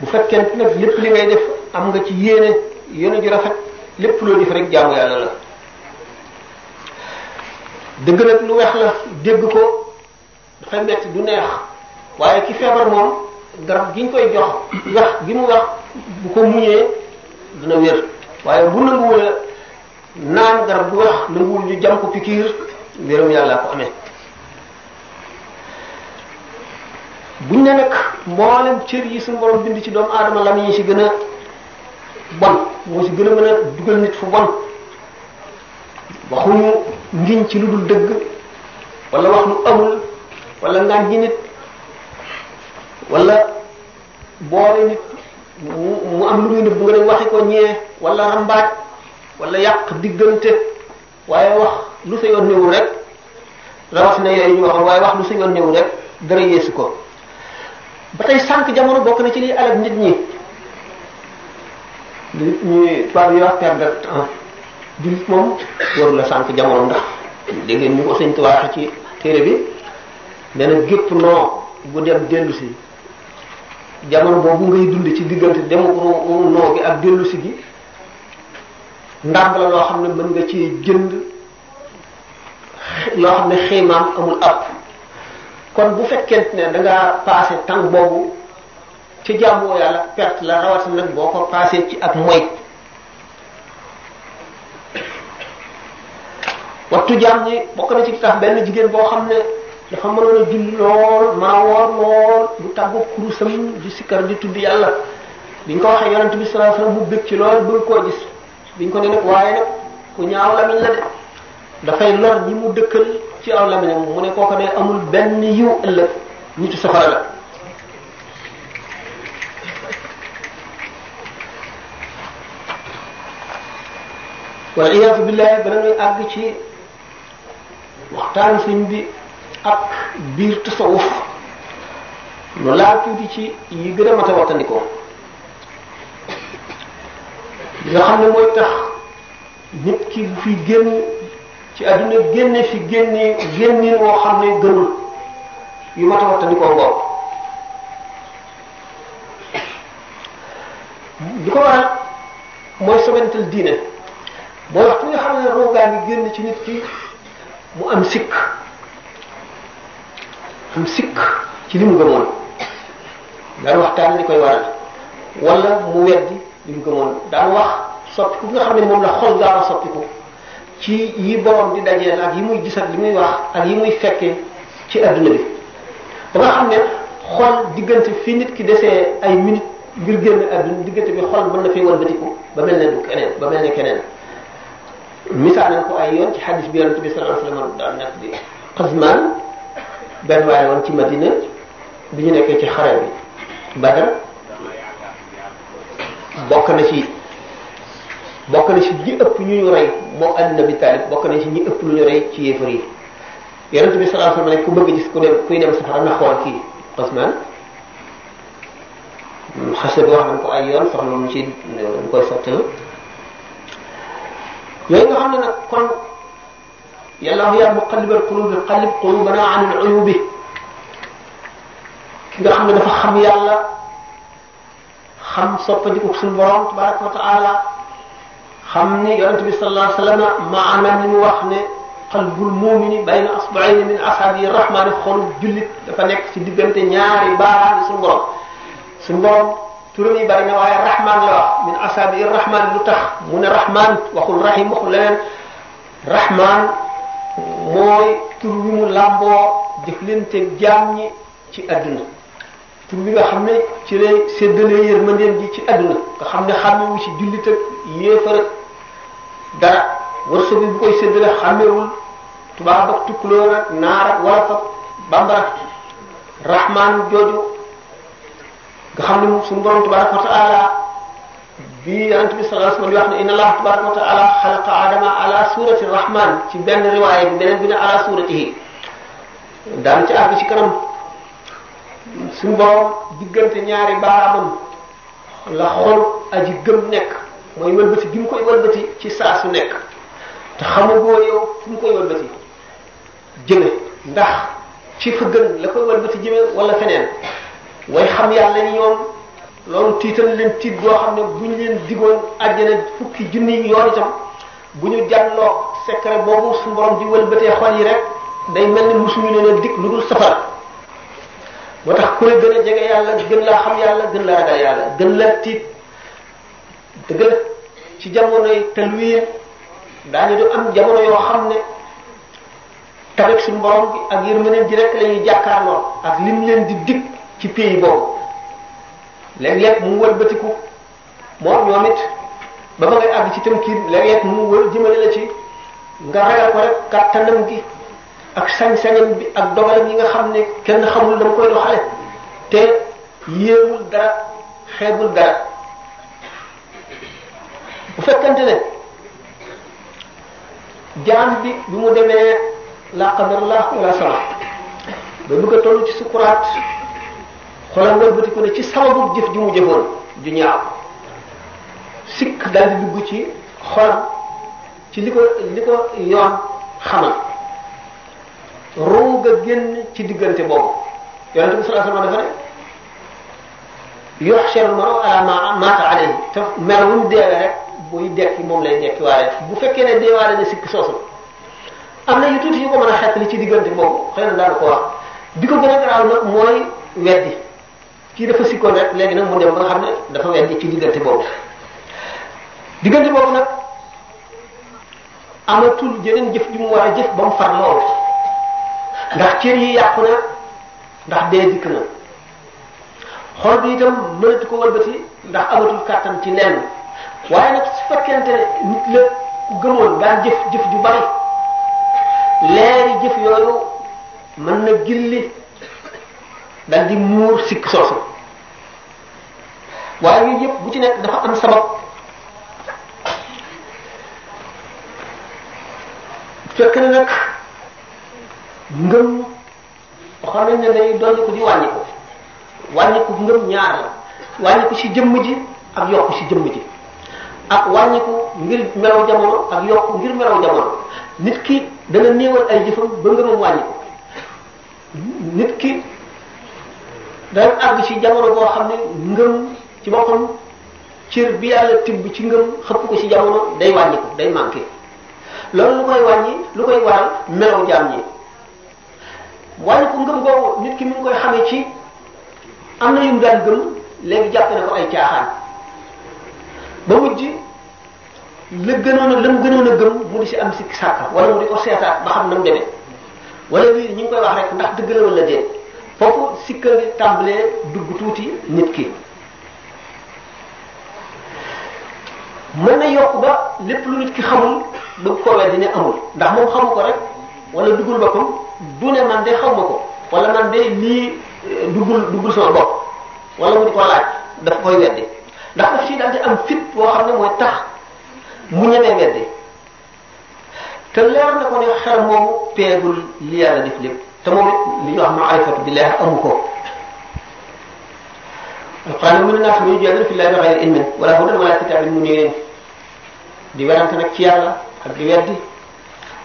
bu fekkente nag lépp li ngay def am nga ci yéene yéene ju rafet lépp loo def rek jaamu yàlla la dëgg nag lu weex la dégg ko dafay metti du neex waaye ki feebar moom garab gi ñu koy jox weex gi mu wax bu ko muñee dina wér waaye bu nanguwul a naan garab gu wax nanguwul ñu jam ko pikiir wérum yàlla ko amee buñ ne nag mboolem cër yi suñu borom bind ci doomu aadama lam yi si gën a bon moo si gën a mën a dugal nit fu bon waxuñu ngiñ ci lu dul dëgg wala wax lu amul wala ngaañ nit wala boole nit mu am lu muy nëbb nga dem waxi ko ñee wala rambaaj wala yàq diggante waaye wax lu sa yoon néewul rek rawatina yooyu ñu waxoon waaye wax lu sa yoon néewul rek dara yeesu ko ba tey sànq jamono bokk na ci liy alal nit ñi li ñuy tubaab yi wax perdre temps jullit moom waru la sànq jamono ndax dégg ngeen ñu ko sëñ tuwaaxe ci téere bi nee na gépp noo bu dem dellu si jamono boobu ngay dund ci diggante demu noo gi ak dellusi gi ndàmb la loo xam ne mën nga ci jënd loo xam ne xiimaam amul ab kon bu fekkente ne da nga passé boobu ci jàmmoo yàlla perte la rawatina nag boo ko passé ci ak moy waxtu jaam ñi bokk ci tax benn jigéen boo xam ne dafa mënoon a julli lool mën a woor lool bu tàggu kurusam di sikkar di tudd yàlla biñ ko waxee yonent bi sallallahu alayhi wasallam mu ci lool bëgg koo gis biñ ko ne nag waaye nag ku ñaaw lamiñ la de dafay lor ñi mu dëkkal ci aw lamiñam mu ne kooko dee amul benn yiw ëllëg nitu safara la wal iyaazu billahi bala ñuy àgg ak biir tasawuf lu laal tuuti ci yi gën a mat a wattandikoo li nga xam ne mooy tax nit ki bu fi génn ci àdduna génne fi génne génnin woo xam ne gënul yu mat a wattandikoo ngoom li ko waral mooy sobental diine mooy wax nga xam ne roogaa ngi génn ci nit ki mu am sikk mu ci li mu gëmoon daan waxtaan li koy waral wala mu weddi li mu gëmoon daan wax soppiku bi nga xam ne moom la xol gaaw a soppiku ci yi borom di dajeel ak yi muy gis li muy wax ak yi muy fekkee ci adduna bi ba nga xam xol diggante fi nit ki desee ay minutes ngir génn adduna diggante bi xol mën na fi walbatiku ba mel ne keneen ba mel ne keneen misaal nañ ko ay yoon ci xadis bi yonente bi sallallahu alayhi wasallam di xasmaan benn waaye woon ci Madina bi ñu nekkee ci xare bi Badar bokk na ci bokk na ci ñi ëpp ñu ñu rey moom Ali Nabi Talib bokk na ci ñi ëpp lu ñu rey ci yéefar yi yonent bi sallallahu alayhi wasallam ku bëgg gis ku dem kuy safara na xool kii Usmaan xase bi wax nañ ko ay yoon soxla mu ci ñu koy sottal yooyu nga xam ne nag kon yàlla yaa muqallibal qulubi qallib qulubana an al uyubi ki nga xam ne dafa xam yàlla xam soppandiku suñu borom tabaraka wa taala xam ni yonent bi sallallahu alayhi wa sallam maanaam li mu wax ne qalbul mumini bayna asbu'ayni min asaabi rahmaani xolu jullit dafa nekk ci diggante ñaari baaraam suñu borom suñu borom turam yi bari na waaye rahmaan la wax min asaabi rahmaan lu tax mu ne rahmaan waxul rahim waxul leneen rahmaan mooy tur bi mu làmboo ñi ci adduna tur bi xam ne ci lay séddalee yërmandeen ji ci adduna nga xam ne xàmmewu ci jullit ak yéefar ak dara wërsëg bi bu koy séddale xàmmewul tubaab ak tukkulóor ak naar ak bambara rahmaan jooju nga xam ne suñu borom tabaraka wa taala bi yonent bi sallallahu alayhi wa sallam wax ne inna allah tabaraka wa taala xalaqa adama ala surati rahman ci benn riwaaya bi ci àgg ci kanam suñu borom ñaari baaraamam la xol aji gëm nekk mooy wëlbati gi mu koy wëlbati ci saa su nekk te xamagoo yow fu mu koy wëlbati jëme ndax ci fa la koy wëlbati jëme wala feneen way xam yàlla ni loolu tiital leen tiit boo xam ne bu ñu leen digoon àjjana fukki junni yoon itam bu ñu jàlloo secret boobu suñu borom di wëlbatee xol yi rek day mel ni musuñu leen a dig lu dul safara moo tax ku la gën a jege yàlla gën laa xam yàlla gën laa ragal yàlla gën la tiit dëggal ci jamonoy talwiin daañu du am jamono yoo xam ne tamit suñu borom bi ak yërmaneen ji rek la ñuy ak lim leen di dig ci pays boobu léeg-léeg mu wëlbatiku moom ñoom it ba ma ngay àgg ci tënkiin léeg-léeg mu wër jëmale la ci nga reyal ko rek kattanam gi ak sañ-sañam bi ak dogalam yi nga xam ne kenn xamul dama koy doxale te yéewul dara xeebul dara bu fekkente ne jaam bi bi mu demee la qadarallah wala sala ba bëgg a ci sukuraat xolam wëlbati ko ne ci sababu jëf ji mu jëfoon ju ñaaw sikk daal di dugg ci xolam ci li ko li ko yoon xamal ruu nga génn ci diggante boobu yonente bi sallallahu alayhi wasallam dafa ne yuhsharu al-mar'u ma mata alayhi te mer wu mu deewee rek buy moom lay dekki waale bu fekkee ne deewaale ne sikk soosu am na yu tuuti yu ko mën a li ci diggante boobu xëy na daal ko wax bi ko gën a garaaw nag mooy weddi kii dafa sikkoon rek léegi nag mu dem ba nga xam ne dafa weddi ci diggante boobu diggante boobu nag amatul jeneen jëf ju mu war a jëf ba mu far lool ndax cër yi yàqu na ndax dee dikk na xol bi itam mënatu ko walbati ndax amatul kàttan ci lenn waaye nag su fekkente ne nit la ku gëmoon daan jëf jëf ju bari leeri jëf yooyu mën na gilli dal di muur sikk soosu waaye yooyu yëpp bu ci nekk dafa am sabab fekk na nag ngëm xam nañ ne day dolli ko di wàññiku wàññiku ngëm ñaar la wàññiku ci jëmm ji ak yokku ci jëmm ji ak wàññiku ngir melaw jamono ak yokku ngir melaw jamono nit ki dana néewal ay jëfam ba ngëmam wàññiku nit ki dana àgg ci jamono boo xam ne ngëm ci boppam cër bi yàlla tibb ci ngëm xëpp ko ci jamono day wàññi ko day manqué loolu lu koy wàññi lu koy waral melaw jaam ñi wàññi ko ngëm googu nit ki mu koy xamee ci am na yu mu daan gëm léegi jàpp na ko ay caaxaan ba mujj la gënoon a la mu gënoon a gëm mu di si am si sàkka wala mu di ko seetaat ba xam na mu demee wala lii ñu ngi koy wax rek ndax dëgg la wala déet foofu sikkal di tàmbalee dugg tuuti nit ki mën na yokk ba lépp lu nit ki xamul bëgg ko weddi ne amul ndax moom xamu ko rek wala duggul boppam du ne man de xamu ko wala man de lii eh, duggul duggul sama bopp wala mu di ko laaj daf koy weddi ndax daf ci daal di am fit boo xam ne mooy tax mu ñemee weddi te leer na ko ne xel moomu peegul li yàlla def lépp te moom li ñuy wax maarifatu billah amu ko alquran mën naa xam ne jàll fi laa bi xayri ilmin wala hudan wala kitaabin muniirin di nag ci yàlla ak di weddi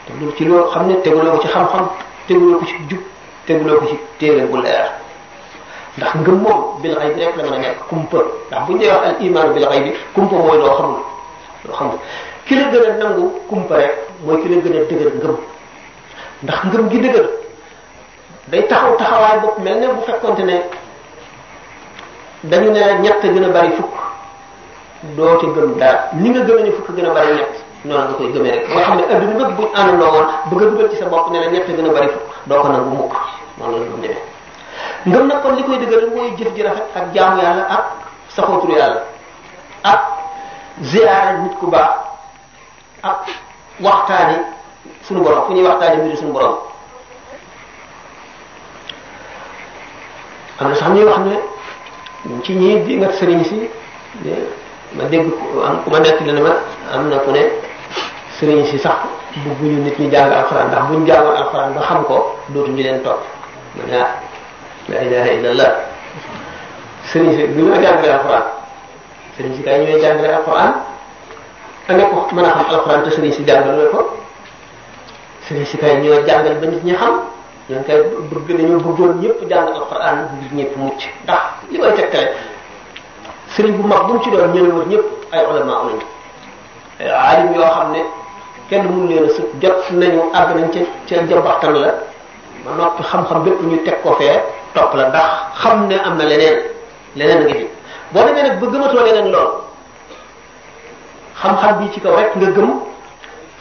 te ci loo xam ne teguloo ko ci xam-xam teguloo ci jub teguloo ko ci téere bu leer ndax ngëm moom bil xayb rek la mën a nekk kumpa bu ñu dee wax al imaanu bil xayb kumpa mooy loo xamul loo a nangu kumpa mooy ki la gën a dëgër ngëm ndax ngëm gi day taxaw taxawaay bopp mel ne bu fekkonte ne dañu ne ñett gën a bari fukk doo ci ni nga gëmee ne fukk gën a bari ñett noonu nga koy gëmee xam ne adduna bépp buñ àndandoo woon bëgg a dugal ci sa bopp ne la ñett gën a bari fukk doo ko nangu mukk noonu la ñu demee ngëm nag kon li koy dëggal mooy jëf ji rafet ak jaamu yàlla ak saxootur yàlla ak ziyaara nit ku baax ak waxtaani suñu borom fu ñuy waxtaani mbiri suñu borom xam na sax ñuy xam ne ci ñii di sëriñ si ma dégg am ku ma nekk dina ma am na ku ne sëriñ si sax bëgguñu nit ñi jàng alxuraan ndax buñ jàngoon alxuraan ba xam ko dootuñu leen topp ma ne ah la ilaha illallah sëriñ si bu ñu jàngalee alxuraan sëriñ ko mën a xam alxuraan te sëriñ si kay ñoo jàngal ba nit ñi xam ñun kay bëgg dañoo bëggoon ñëpp jàng alxuraan ngir ñëpp mucc ndax li bu mag bu ci doon ñële woon ñëpp ay ulama lañu ay yoo xam ne kenn mënu leen a nañu àgg nañ ca ca jabaxtan ba noppi xam-xam ñu teg ko fee topp la xam ne am na leneen leneen nga fi boo demee nag ba lool xam-xam ci kaw rek nga gëm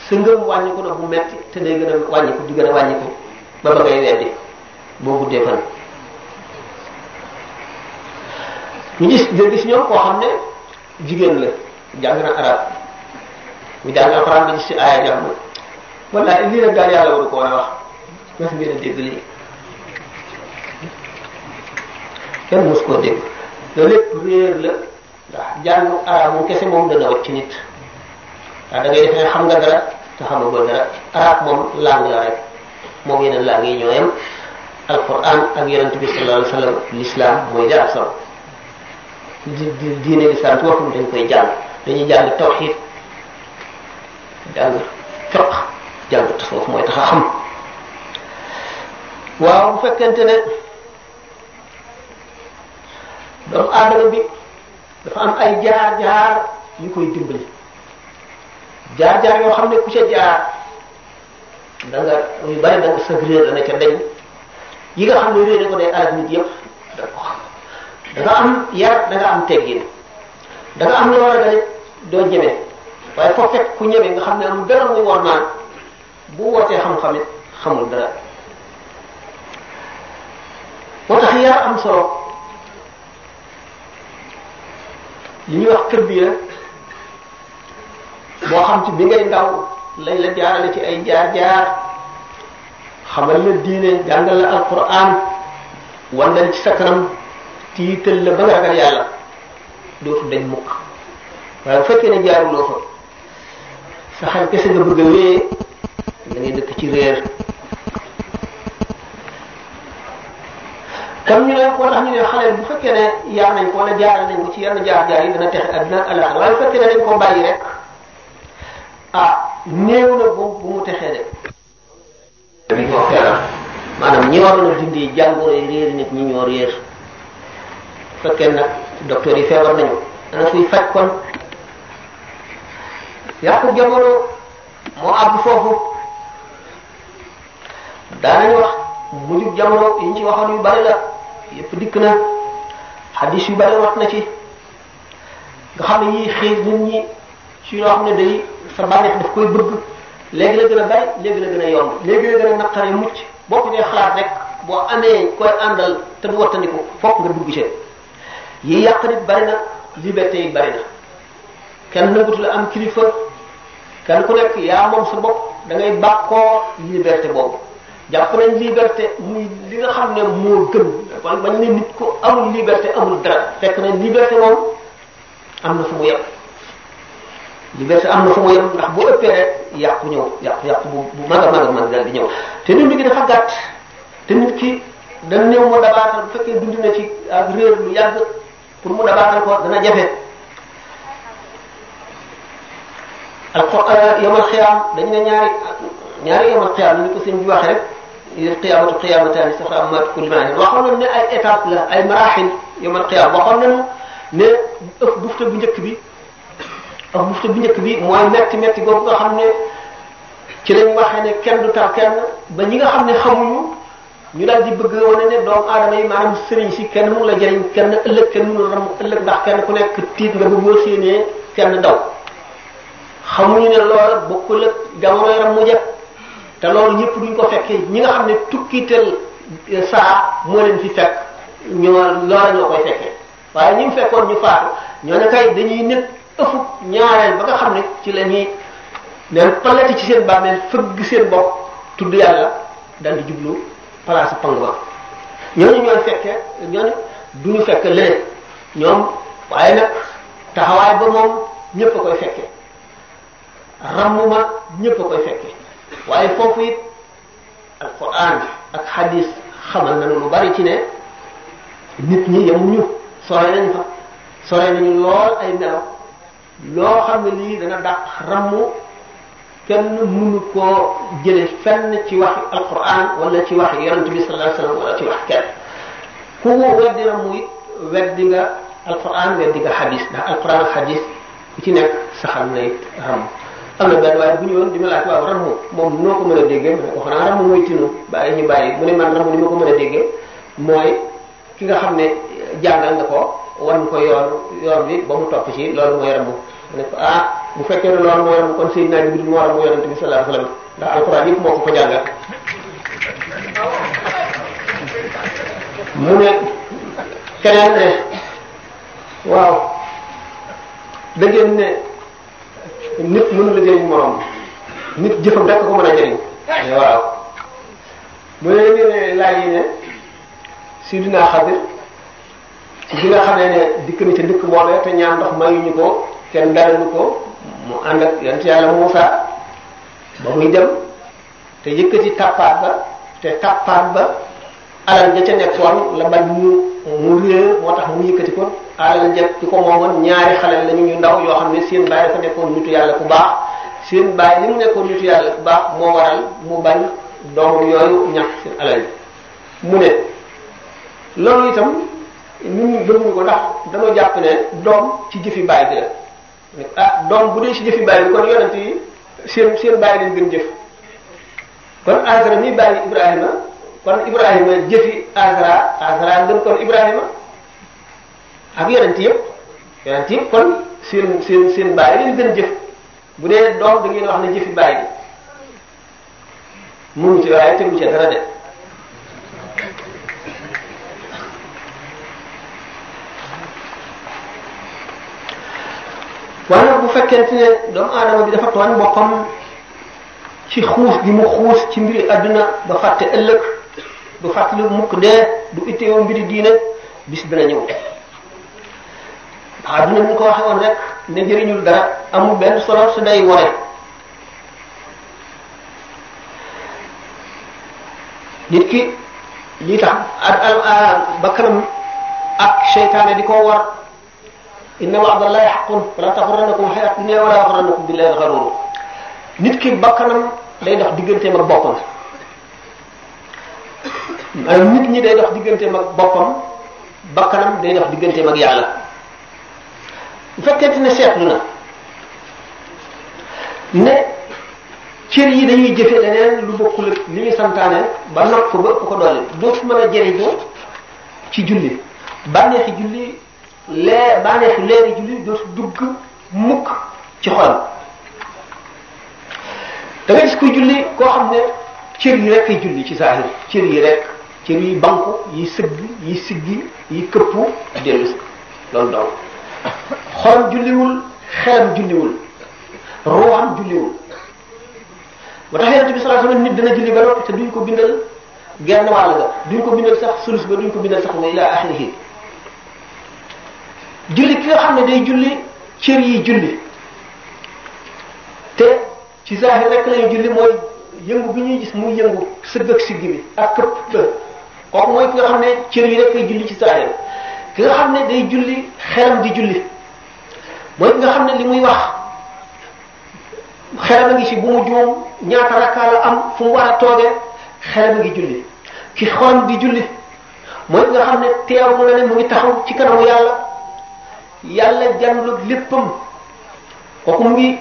sa ngëm wàññi ko na bu metti te day gën a wàññi ko di gën a wàññi ba ba ngay weddi boo guddee fan ñu gis nga ñoom koo xam ne jigéen la jàng na arab mu jàng alxuraan nga gis si aaya jàng wallaahi lii rek daal yàlla waru ko war wax mas ngeen a dégg lii kenn nit ndax da ngay xam nga dara te xamagoo dara arab moom langue la rek moom yeneen laa ngi ñoo yem alquran ak yonent bi sallallahu alayhi wa sallam l'islam mooy dara solo di diine l'islam ci boppam dañ koy jàng dañuy jàng tawxiid jàng fiq jàng tasawuf mooy tax a xam waaw bu fekkente ne doomu aadama bi dafa am ay jaar-jaar yu koy dimbali jaar-jaar yoo xam ne ku ca jaar da nga yu bari da nga sëf réer dana ca dañ yi nga xam ne réer ko day alag nit yëpp da ko am yar da am teggin da nga am loo ragal doo ñeme waaye foo ku ñeme nga xam ne amul dara muy war naan bu wootee xam-xam it xamul dara moo tax yar am solo li ñuy wax tërbiya moo xam ci bi ngay ndaw lay la jaarale ci ay jaar-jaar xamal la diine jàngal la alquran wan la ci sa kanam tiital la ba nga ragal yàlla dootu dañ mukk waaye bu fekkee ne jaaruloo fa sa xel kese nga bëgg a da ngay dëkk ci réer kam ñu ne koo tax ñu ne xale bu fekkee ne nañ ko wala jaaral ci yenn jaar-jaar yi a texe addina ak àllaxira waaye bu fekkee ne dañ ah néew na bu bu mu texee de.
dañu ko xelal maanaam ñi
waroon a dindi jàngoro yi réer nit ñi ñoo réer su fekkee nag yi feebar nañu ana kuy faj kon yàqu jamono moo àgg foofu daanañu wax mujjub jamono yi ñu ci waxoon yu bari la yépp dikk na xadis yu bari wax na ci nga xam ne yii xiir ñi. ci loo xam ne day sa bànneex daf koy bëgg léegi la gën a bari léegi la gën a yomb léegi la gën a naqare mucc boo ko dee te du wattandiku fokk nga dugg ci yi yàq nit bari na liberté yi bari na kenn nangutu la am kilifa kenn ku nekk yaa moom sa bopp da ngay bàkkoo liberté boobu jàpp nañ liberté muy li nga xam ne moo gën bañ ne nit ku amul liberté amul dara fekk na liberté moom am na fu mu yem liberté am na fu mu yem ndax bu ëppee rek yàqu ñëw yàqu yàqu bu bu mag a mag a mag daal di ñëw te dund dafa gàtt te nit ki dana néew mu dabaatal bu fekkee dund na ci ak réer lu yàgg pour mu dabaatal ko dana jafe. alxuraan yomal xiyaam dañ ne ñaari ñaari yomal xiyaam ni ko sëñ bi waxee rek yéen xiyaamatu xiyaamataani soxna Amath Koulibane maanaam ay étapes la ay maraaxil yomal xiyaam waxoon nañu ne ëpp bufta bu njëkk bi. ak bufta bu njëkk bi mooy metti metti googu nga xam ne ci lañ waxee ne kenn du tar kenn ba ñi nga xam ne xamuñu ñu daal di bëgg wane ne doomu aadama yi maanaam sëriñ si kenn mënu la jëriñ kenn ëllëg kenn mënu ram ëllëg ndax kenn ku nekk tiit nga bu boo séenee kenn daw xamuñu ne loola bokkul ak jamonoy ram mu jëkk te loolu ñëpp duñ ko fekkee ñi nga xam ne tukkitel eh, saa moo leen fi fekk ñoo loola ñoo koy fekkee waaye ñi fekkoon ñu faatu ñoo ëfu ñaareel ba nga xam ne ci la ñuy neen palati ci seen bàmmeel fëgg seen bopp tudd yàlla dal di jublu place pang ba ñooñu ñooy fekke ñooñu duñu fekk leneen ñoom waaye nag taxawaay ba moom ñëpp a koy fekke rammuma ñëpp a koy fekke waaye foofu it alquran ak xadis xamal nañu lu bari ci ne nit ñi yemuñu sore nañ fa sore nañu lool ay melo loo xam ne nii dana dàq rammu kenn mënu koo jële fenn ci wax alquran wala ci wax yonent bi sallallahu a wasallam wala ci wax kenn ku weddi na muy weddi nga alquran weddi nga xadis ndax alquran xadis ku ci nekk saxal na it ramm am na benn waaye bu ñëwoon di ma laaj waaw ramm moom noo ko mën a déggee ma ne mooy tinu bàyyi ñu ko mën a déggee mooy ki nga xam ne jàngal nga ko wan ko yoon yoon bi ba mu topp ci loolu mooy rambu mu ne ah bu fekkee ne loolu mooy rambu kon Seydina Jibril moo rambu yonent bi sallallahu alayhi wasallam ndax alxuraan yëpp moo mu ne keneen ne waaw da ngeen nit mënu la jëriñ morom nit jëfam rek ko mën a jëriñ waaw mu ne ngeen laaj yi ne Seydina Xadir ci bi nga xam ne ne dikk na ca dëkk boobee te ñaan ndox mayuñu ko kenn darañu ko mu ànd ak yonent yàlla Muusa ba dem te yëkkati tappaat ba te tappaat ba alal ja ca nekkoon la bañ mu mu moo tax mu yëkkati ko alal ja ci ko moomoon ñaari xale lañu ñu ndaw yoo xam ne seen baay dafa nekkoon nitu yàlla ku baax seen baay li mu nekkoon nitu yàlla ku baax moo waral mu bañ doomam yooyu ñàkk seen alal mu ne loolu itam nit ñi gëmuñu ko ndax dañoo jàpp ne doom ci jëfi baay bi ah doom bu dee ci jëfi baay bi kon yonent yi seen seen baay lañ gën jëf kon Azra mi bàyyi Ibrahima kon Ibrahima jëfi Azra Azra gën kon Ibrahima ak yonent yëpp yëpp kon seen seen seen baay lañ gën jëf bu dee doom da ngeen wax ne jëfi baay bi mënu ci waaye tegu ci dara de. waaye bu fekkee ne doomu aadama bi dafa tooñ boppam ci xuus gi mu xuus ci mbiri àdduna ba fàtte ëllëg du fàttali mukk dee du itteewu mbiri diine bi dina ñëw ba àdduna ko waxee woon rek ne jëriñul dara amul benn solo su day ware nit ki lii tax ak bakkanam ak seytaane di ko war inna wa'dallahi haqqun fala taghurrannakum hayatun dunya wala yaghurrannakum billahi al-gharur nit ki bakkanam day dox digganteem ak boppam maanaam nit ñi day dox digganteem ak boppam bakkanam day dox digganteem ak yàlla bu fekkente ne seetlu na ne cër yi dañuy jëfe leneen lu bokkul ak li ñu santaane ba nopp ba ëpp ko doole doo fi mën a jëriñoo ci julli bànneexi julli le bànneexu leeri julli dootu dugg mukk ci xol da nga gis kuy julli koo xam ne cër yi rek julli ci saahir cir yi rek cër yi banku yi sëgg yi siggi yi këppu dellu loolu dong xolam julliwul xelam julliwul ruuxam julliwul ba tax yonente bi sallallahu alayhi wasallam nit julli ba noppi te ko bindal genn wàll ga duñ bindal sax sulus ba duñ ko bindal sax wa ila axirihi nga xam ne day julli cër yi julli te ci zahir rek lay julli mooy yëngu bi ñuy gis mu yëngu sëgg ak sigg bi ak këpp kooku mooy ki nga xam ne cër yi rek lay julli ci zahir ki nga xam ne day julli xelam di julli mooy ki nga xam ne li muy wax xelam ngi ci bu mu ngi julli ki ne mu ngi taxaw ci kanamu yàlla yàlla jarul léppam kooku mu ngi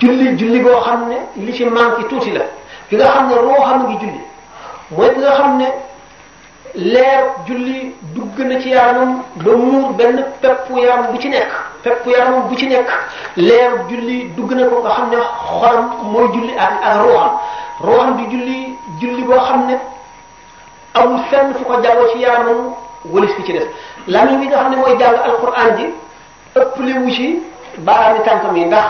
julli julli boo xam ne li ci manqué tuuti la ki nga xam ne ruuxam ngi julli mooy ki nga xam ne leer julli dugg na ci yaramam bu ci nekk peppu yaramam bu ci nekk leer julli dugg ko nga xam ne xolam mooy julli ak ak ruuxam di julli julli boo xam ne amul fenn fu ko jàlloo ci yaramam walis bi ci def lamiñ bi nga xam ne mooy jàng alquran ji ëpp li ci baaxam yi tànkam yi ndax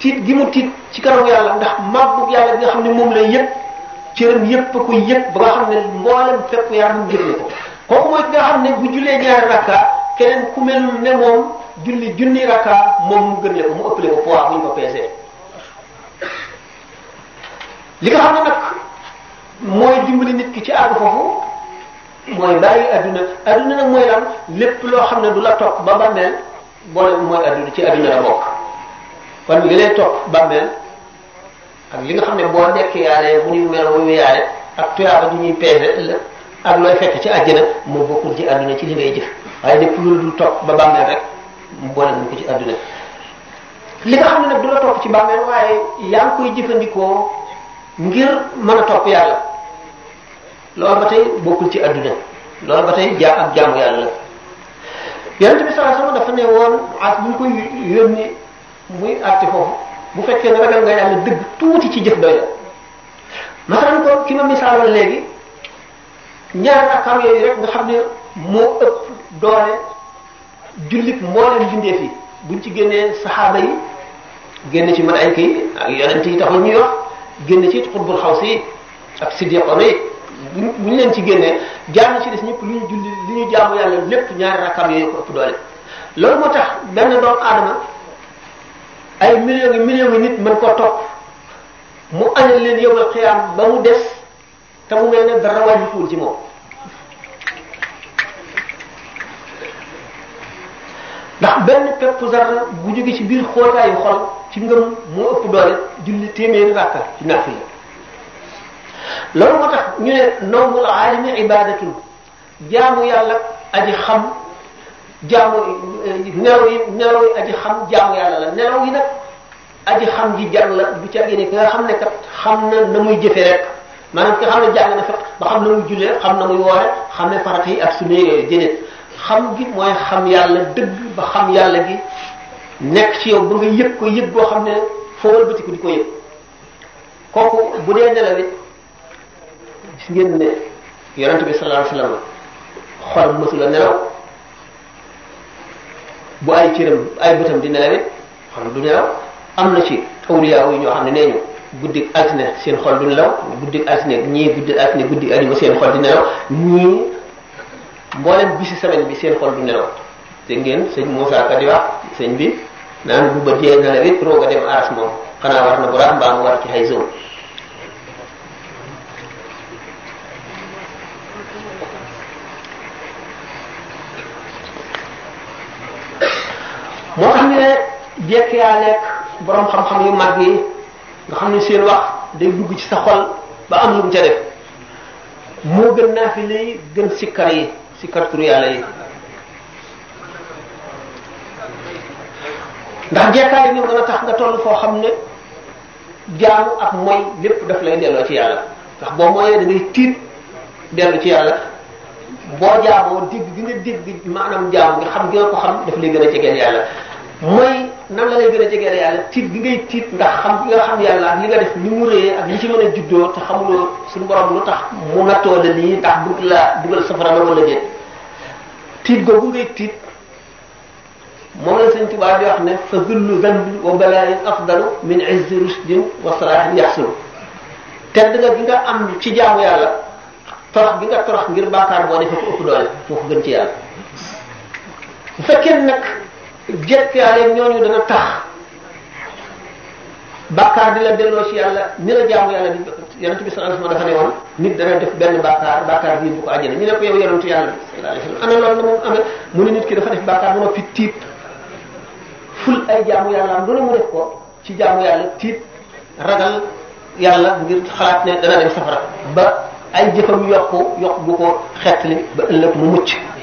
tiit gi mu tiit ci kanamu yàlla ndax màggu yàlla bi nga xam ne moom la yëpp cëram yëpp a ko yëg ba nga xam ne mboolem fépp yaramam jël na ko kooku mooy ki xam ne bu jullee ñaari rakka keneen ku mel ne moom julli junni rakka moom mu gën le ko mu ëppale ko poids bu ñu ko peesee li nga xam ne nag mooy dimbali nit ki ci àgg foofu mooy bàyyi adduna adduna nag mooy lan lépp loo xam ne du la topp ba bàmmeel boole mooy adduna ci adduna la bokk kon li nga xam ne boo nekk yaale mu ñuy mel wu yaale ak tuyaaba du ñuy peese ëllëg ak looy fekk ci àjjana moo bokkul ci adduna ci li ngay jëf waaye lépp lu dul topp ba bàmmeel rek mu boole nañ ko ci adduna li nga xam ne nag du la topp ci bàmmeel waaye yaa koy jëfandikoo ngir mën a topp yàlla loolu ba tey bokkul ci àdduna loolu ba tey jaa ak jaamu yàlla la yonent bi sallallahu dafa ne woon as bu ñu koy yónni muy àtte foofu bu fekkee ne ragal nga yàlla dëgg tuuti ci jëf doy la ko ki ma misaalal léegi ñaar rakkaam yooyu rek nga xam ne moo ëpp doole jullit moo leen yi fi buñ ci génnee saxaaba yi génn ci malaayka yi ak yonent yi taxul ñuy wax génn ci xutbul xawsi ak siddiqoon yi bu ñu leen ci génnee jaamu ci des ñëpp lu ñu julli lu ñu jaamu yàlla lépp ñaari rakkaam yooyu ko ëpp doole loolu moo tax benn doomu aadama ay millions yi nit mën koo topp mu añal leen yowal xiyaam ba mu des te mu mel ne dara wàññikuwul ci moom ndax benn pepp zarra bu jóge ci biir xootaayu xol ci ngëm moo ëpp doole julli téeméeri rakka ci naafila loolu moo tax ñu ne nawmul la ibadatun jaamu yàlla aji xam jaamu nelaw yi xam jaamu la nelaw yi nag aji xam ji jàng la du ca génne ki nga xam ne kat xam na na muy jëfe rek maanaam ki nga xam ne jàng na fekk ba xam na muy jullee xam na muy woore xam ne farata yi ak sunna yooyu déedéet xam gi mooy xam yàlla dëgg ba xam yàlla gi nekk ci yow ba nga yëg ko yëg boo xam ne foo wëlbatiku di ko yëg kooku bu dee nelaw gis ngeen ne yonent bi sallallahu alayhi wasallam xolam mësula nelaw bu ay cëram ay bëtam di nelaw xam xolam du nelaw am na ci awliya yi ñoo xam ne nee ñu guddi altine seen xol du nelaw guddi altine ñii guddi altine guddi ajuma seen xol di nelaw ñii mboolem bisi semaine bi seen xol du nelaw te ngeen sëñ Moussa Ka di wax sëñ bi naan bu ba dee nelaw it roog a dem aras moom xanaa war na bu rax mbaa mu war ci xay zoom jekk yaa nekk borom xam-xam yu mag yi nga xam ne seen wax day dugg ci sa xol ba am lu mu ca moo gën naa fi lay gën sikkar yi sikkar turu yàlla yi ndax jekkaay ñoo gën tax nga toll foo xam ne jaamu ak mooy lépp daf lay delloo ci yàlla ndax boo mooyee da ngay tiit dellu ci yàlla boo jaamoo dégg gi nga dégg maanaam jaamu nga xam gi nga ko xam daf lay gën a jegeel yàlla mooy nan la lay gën a jegeel yàlla tiit gi ngay tiit ndax xam gi nga xam yàlla ak li nga def ni mu rëyee ak li ci mën a juddoo te xamuloo suñu borom lu tax mu nattoo la nii ndax bëgg la dugal safara la wala déet tiit googu ngay tiit moom la sëñ Tuubaa di wax ne fa zullu zanbi wa balaayin afdalu min izzi rushdin wa salaahin yaxsulu tedd nga gi nga am ci jaamu yàlla torox gi nga torox ngir bàkkaar boo defee ko ëpp doole foo ko gën ci yàlla bu fekkee nag jekkaaleeg ñooñu dana tax bàkkaar di la delloo ci yàlla ni la jaamu yàlla di yonent bi sallallahu alayhi wasallam dafa ne woon nit dana def benn bàkkaar bàkkaar bi bu ko àjjana ñu ne ko yow yonentu yàlla bi sallallahu alayhi wasallam ana loolu na moom amee mu ne nit ki dafa def bàkkaar ba noppi tiit ful ay jaamu yàlla am lu ne mu def ko ci jaamu yàlla tiit ragal yàlla ngir xalaat ne dana dem safara ba ay jëfam yokku yokk bu ko xettali ba ëllëg mu mucc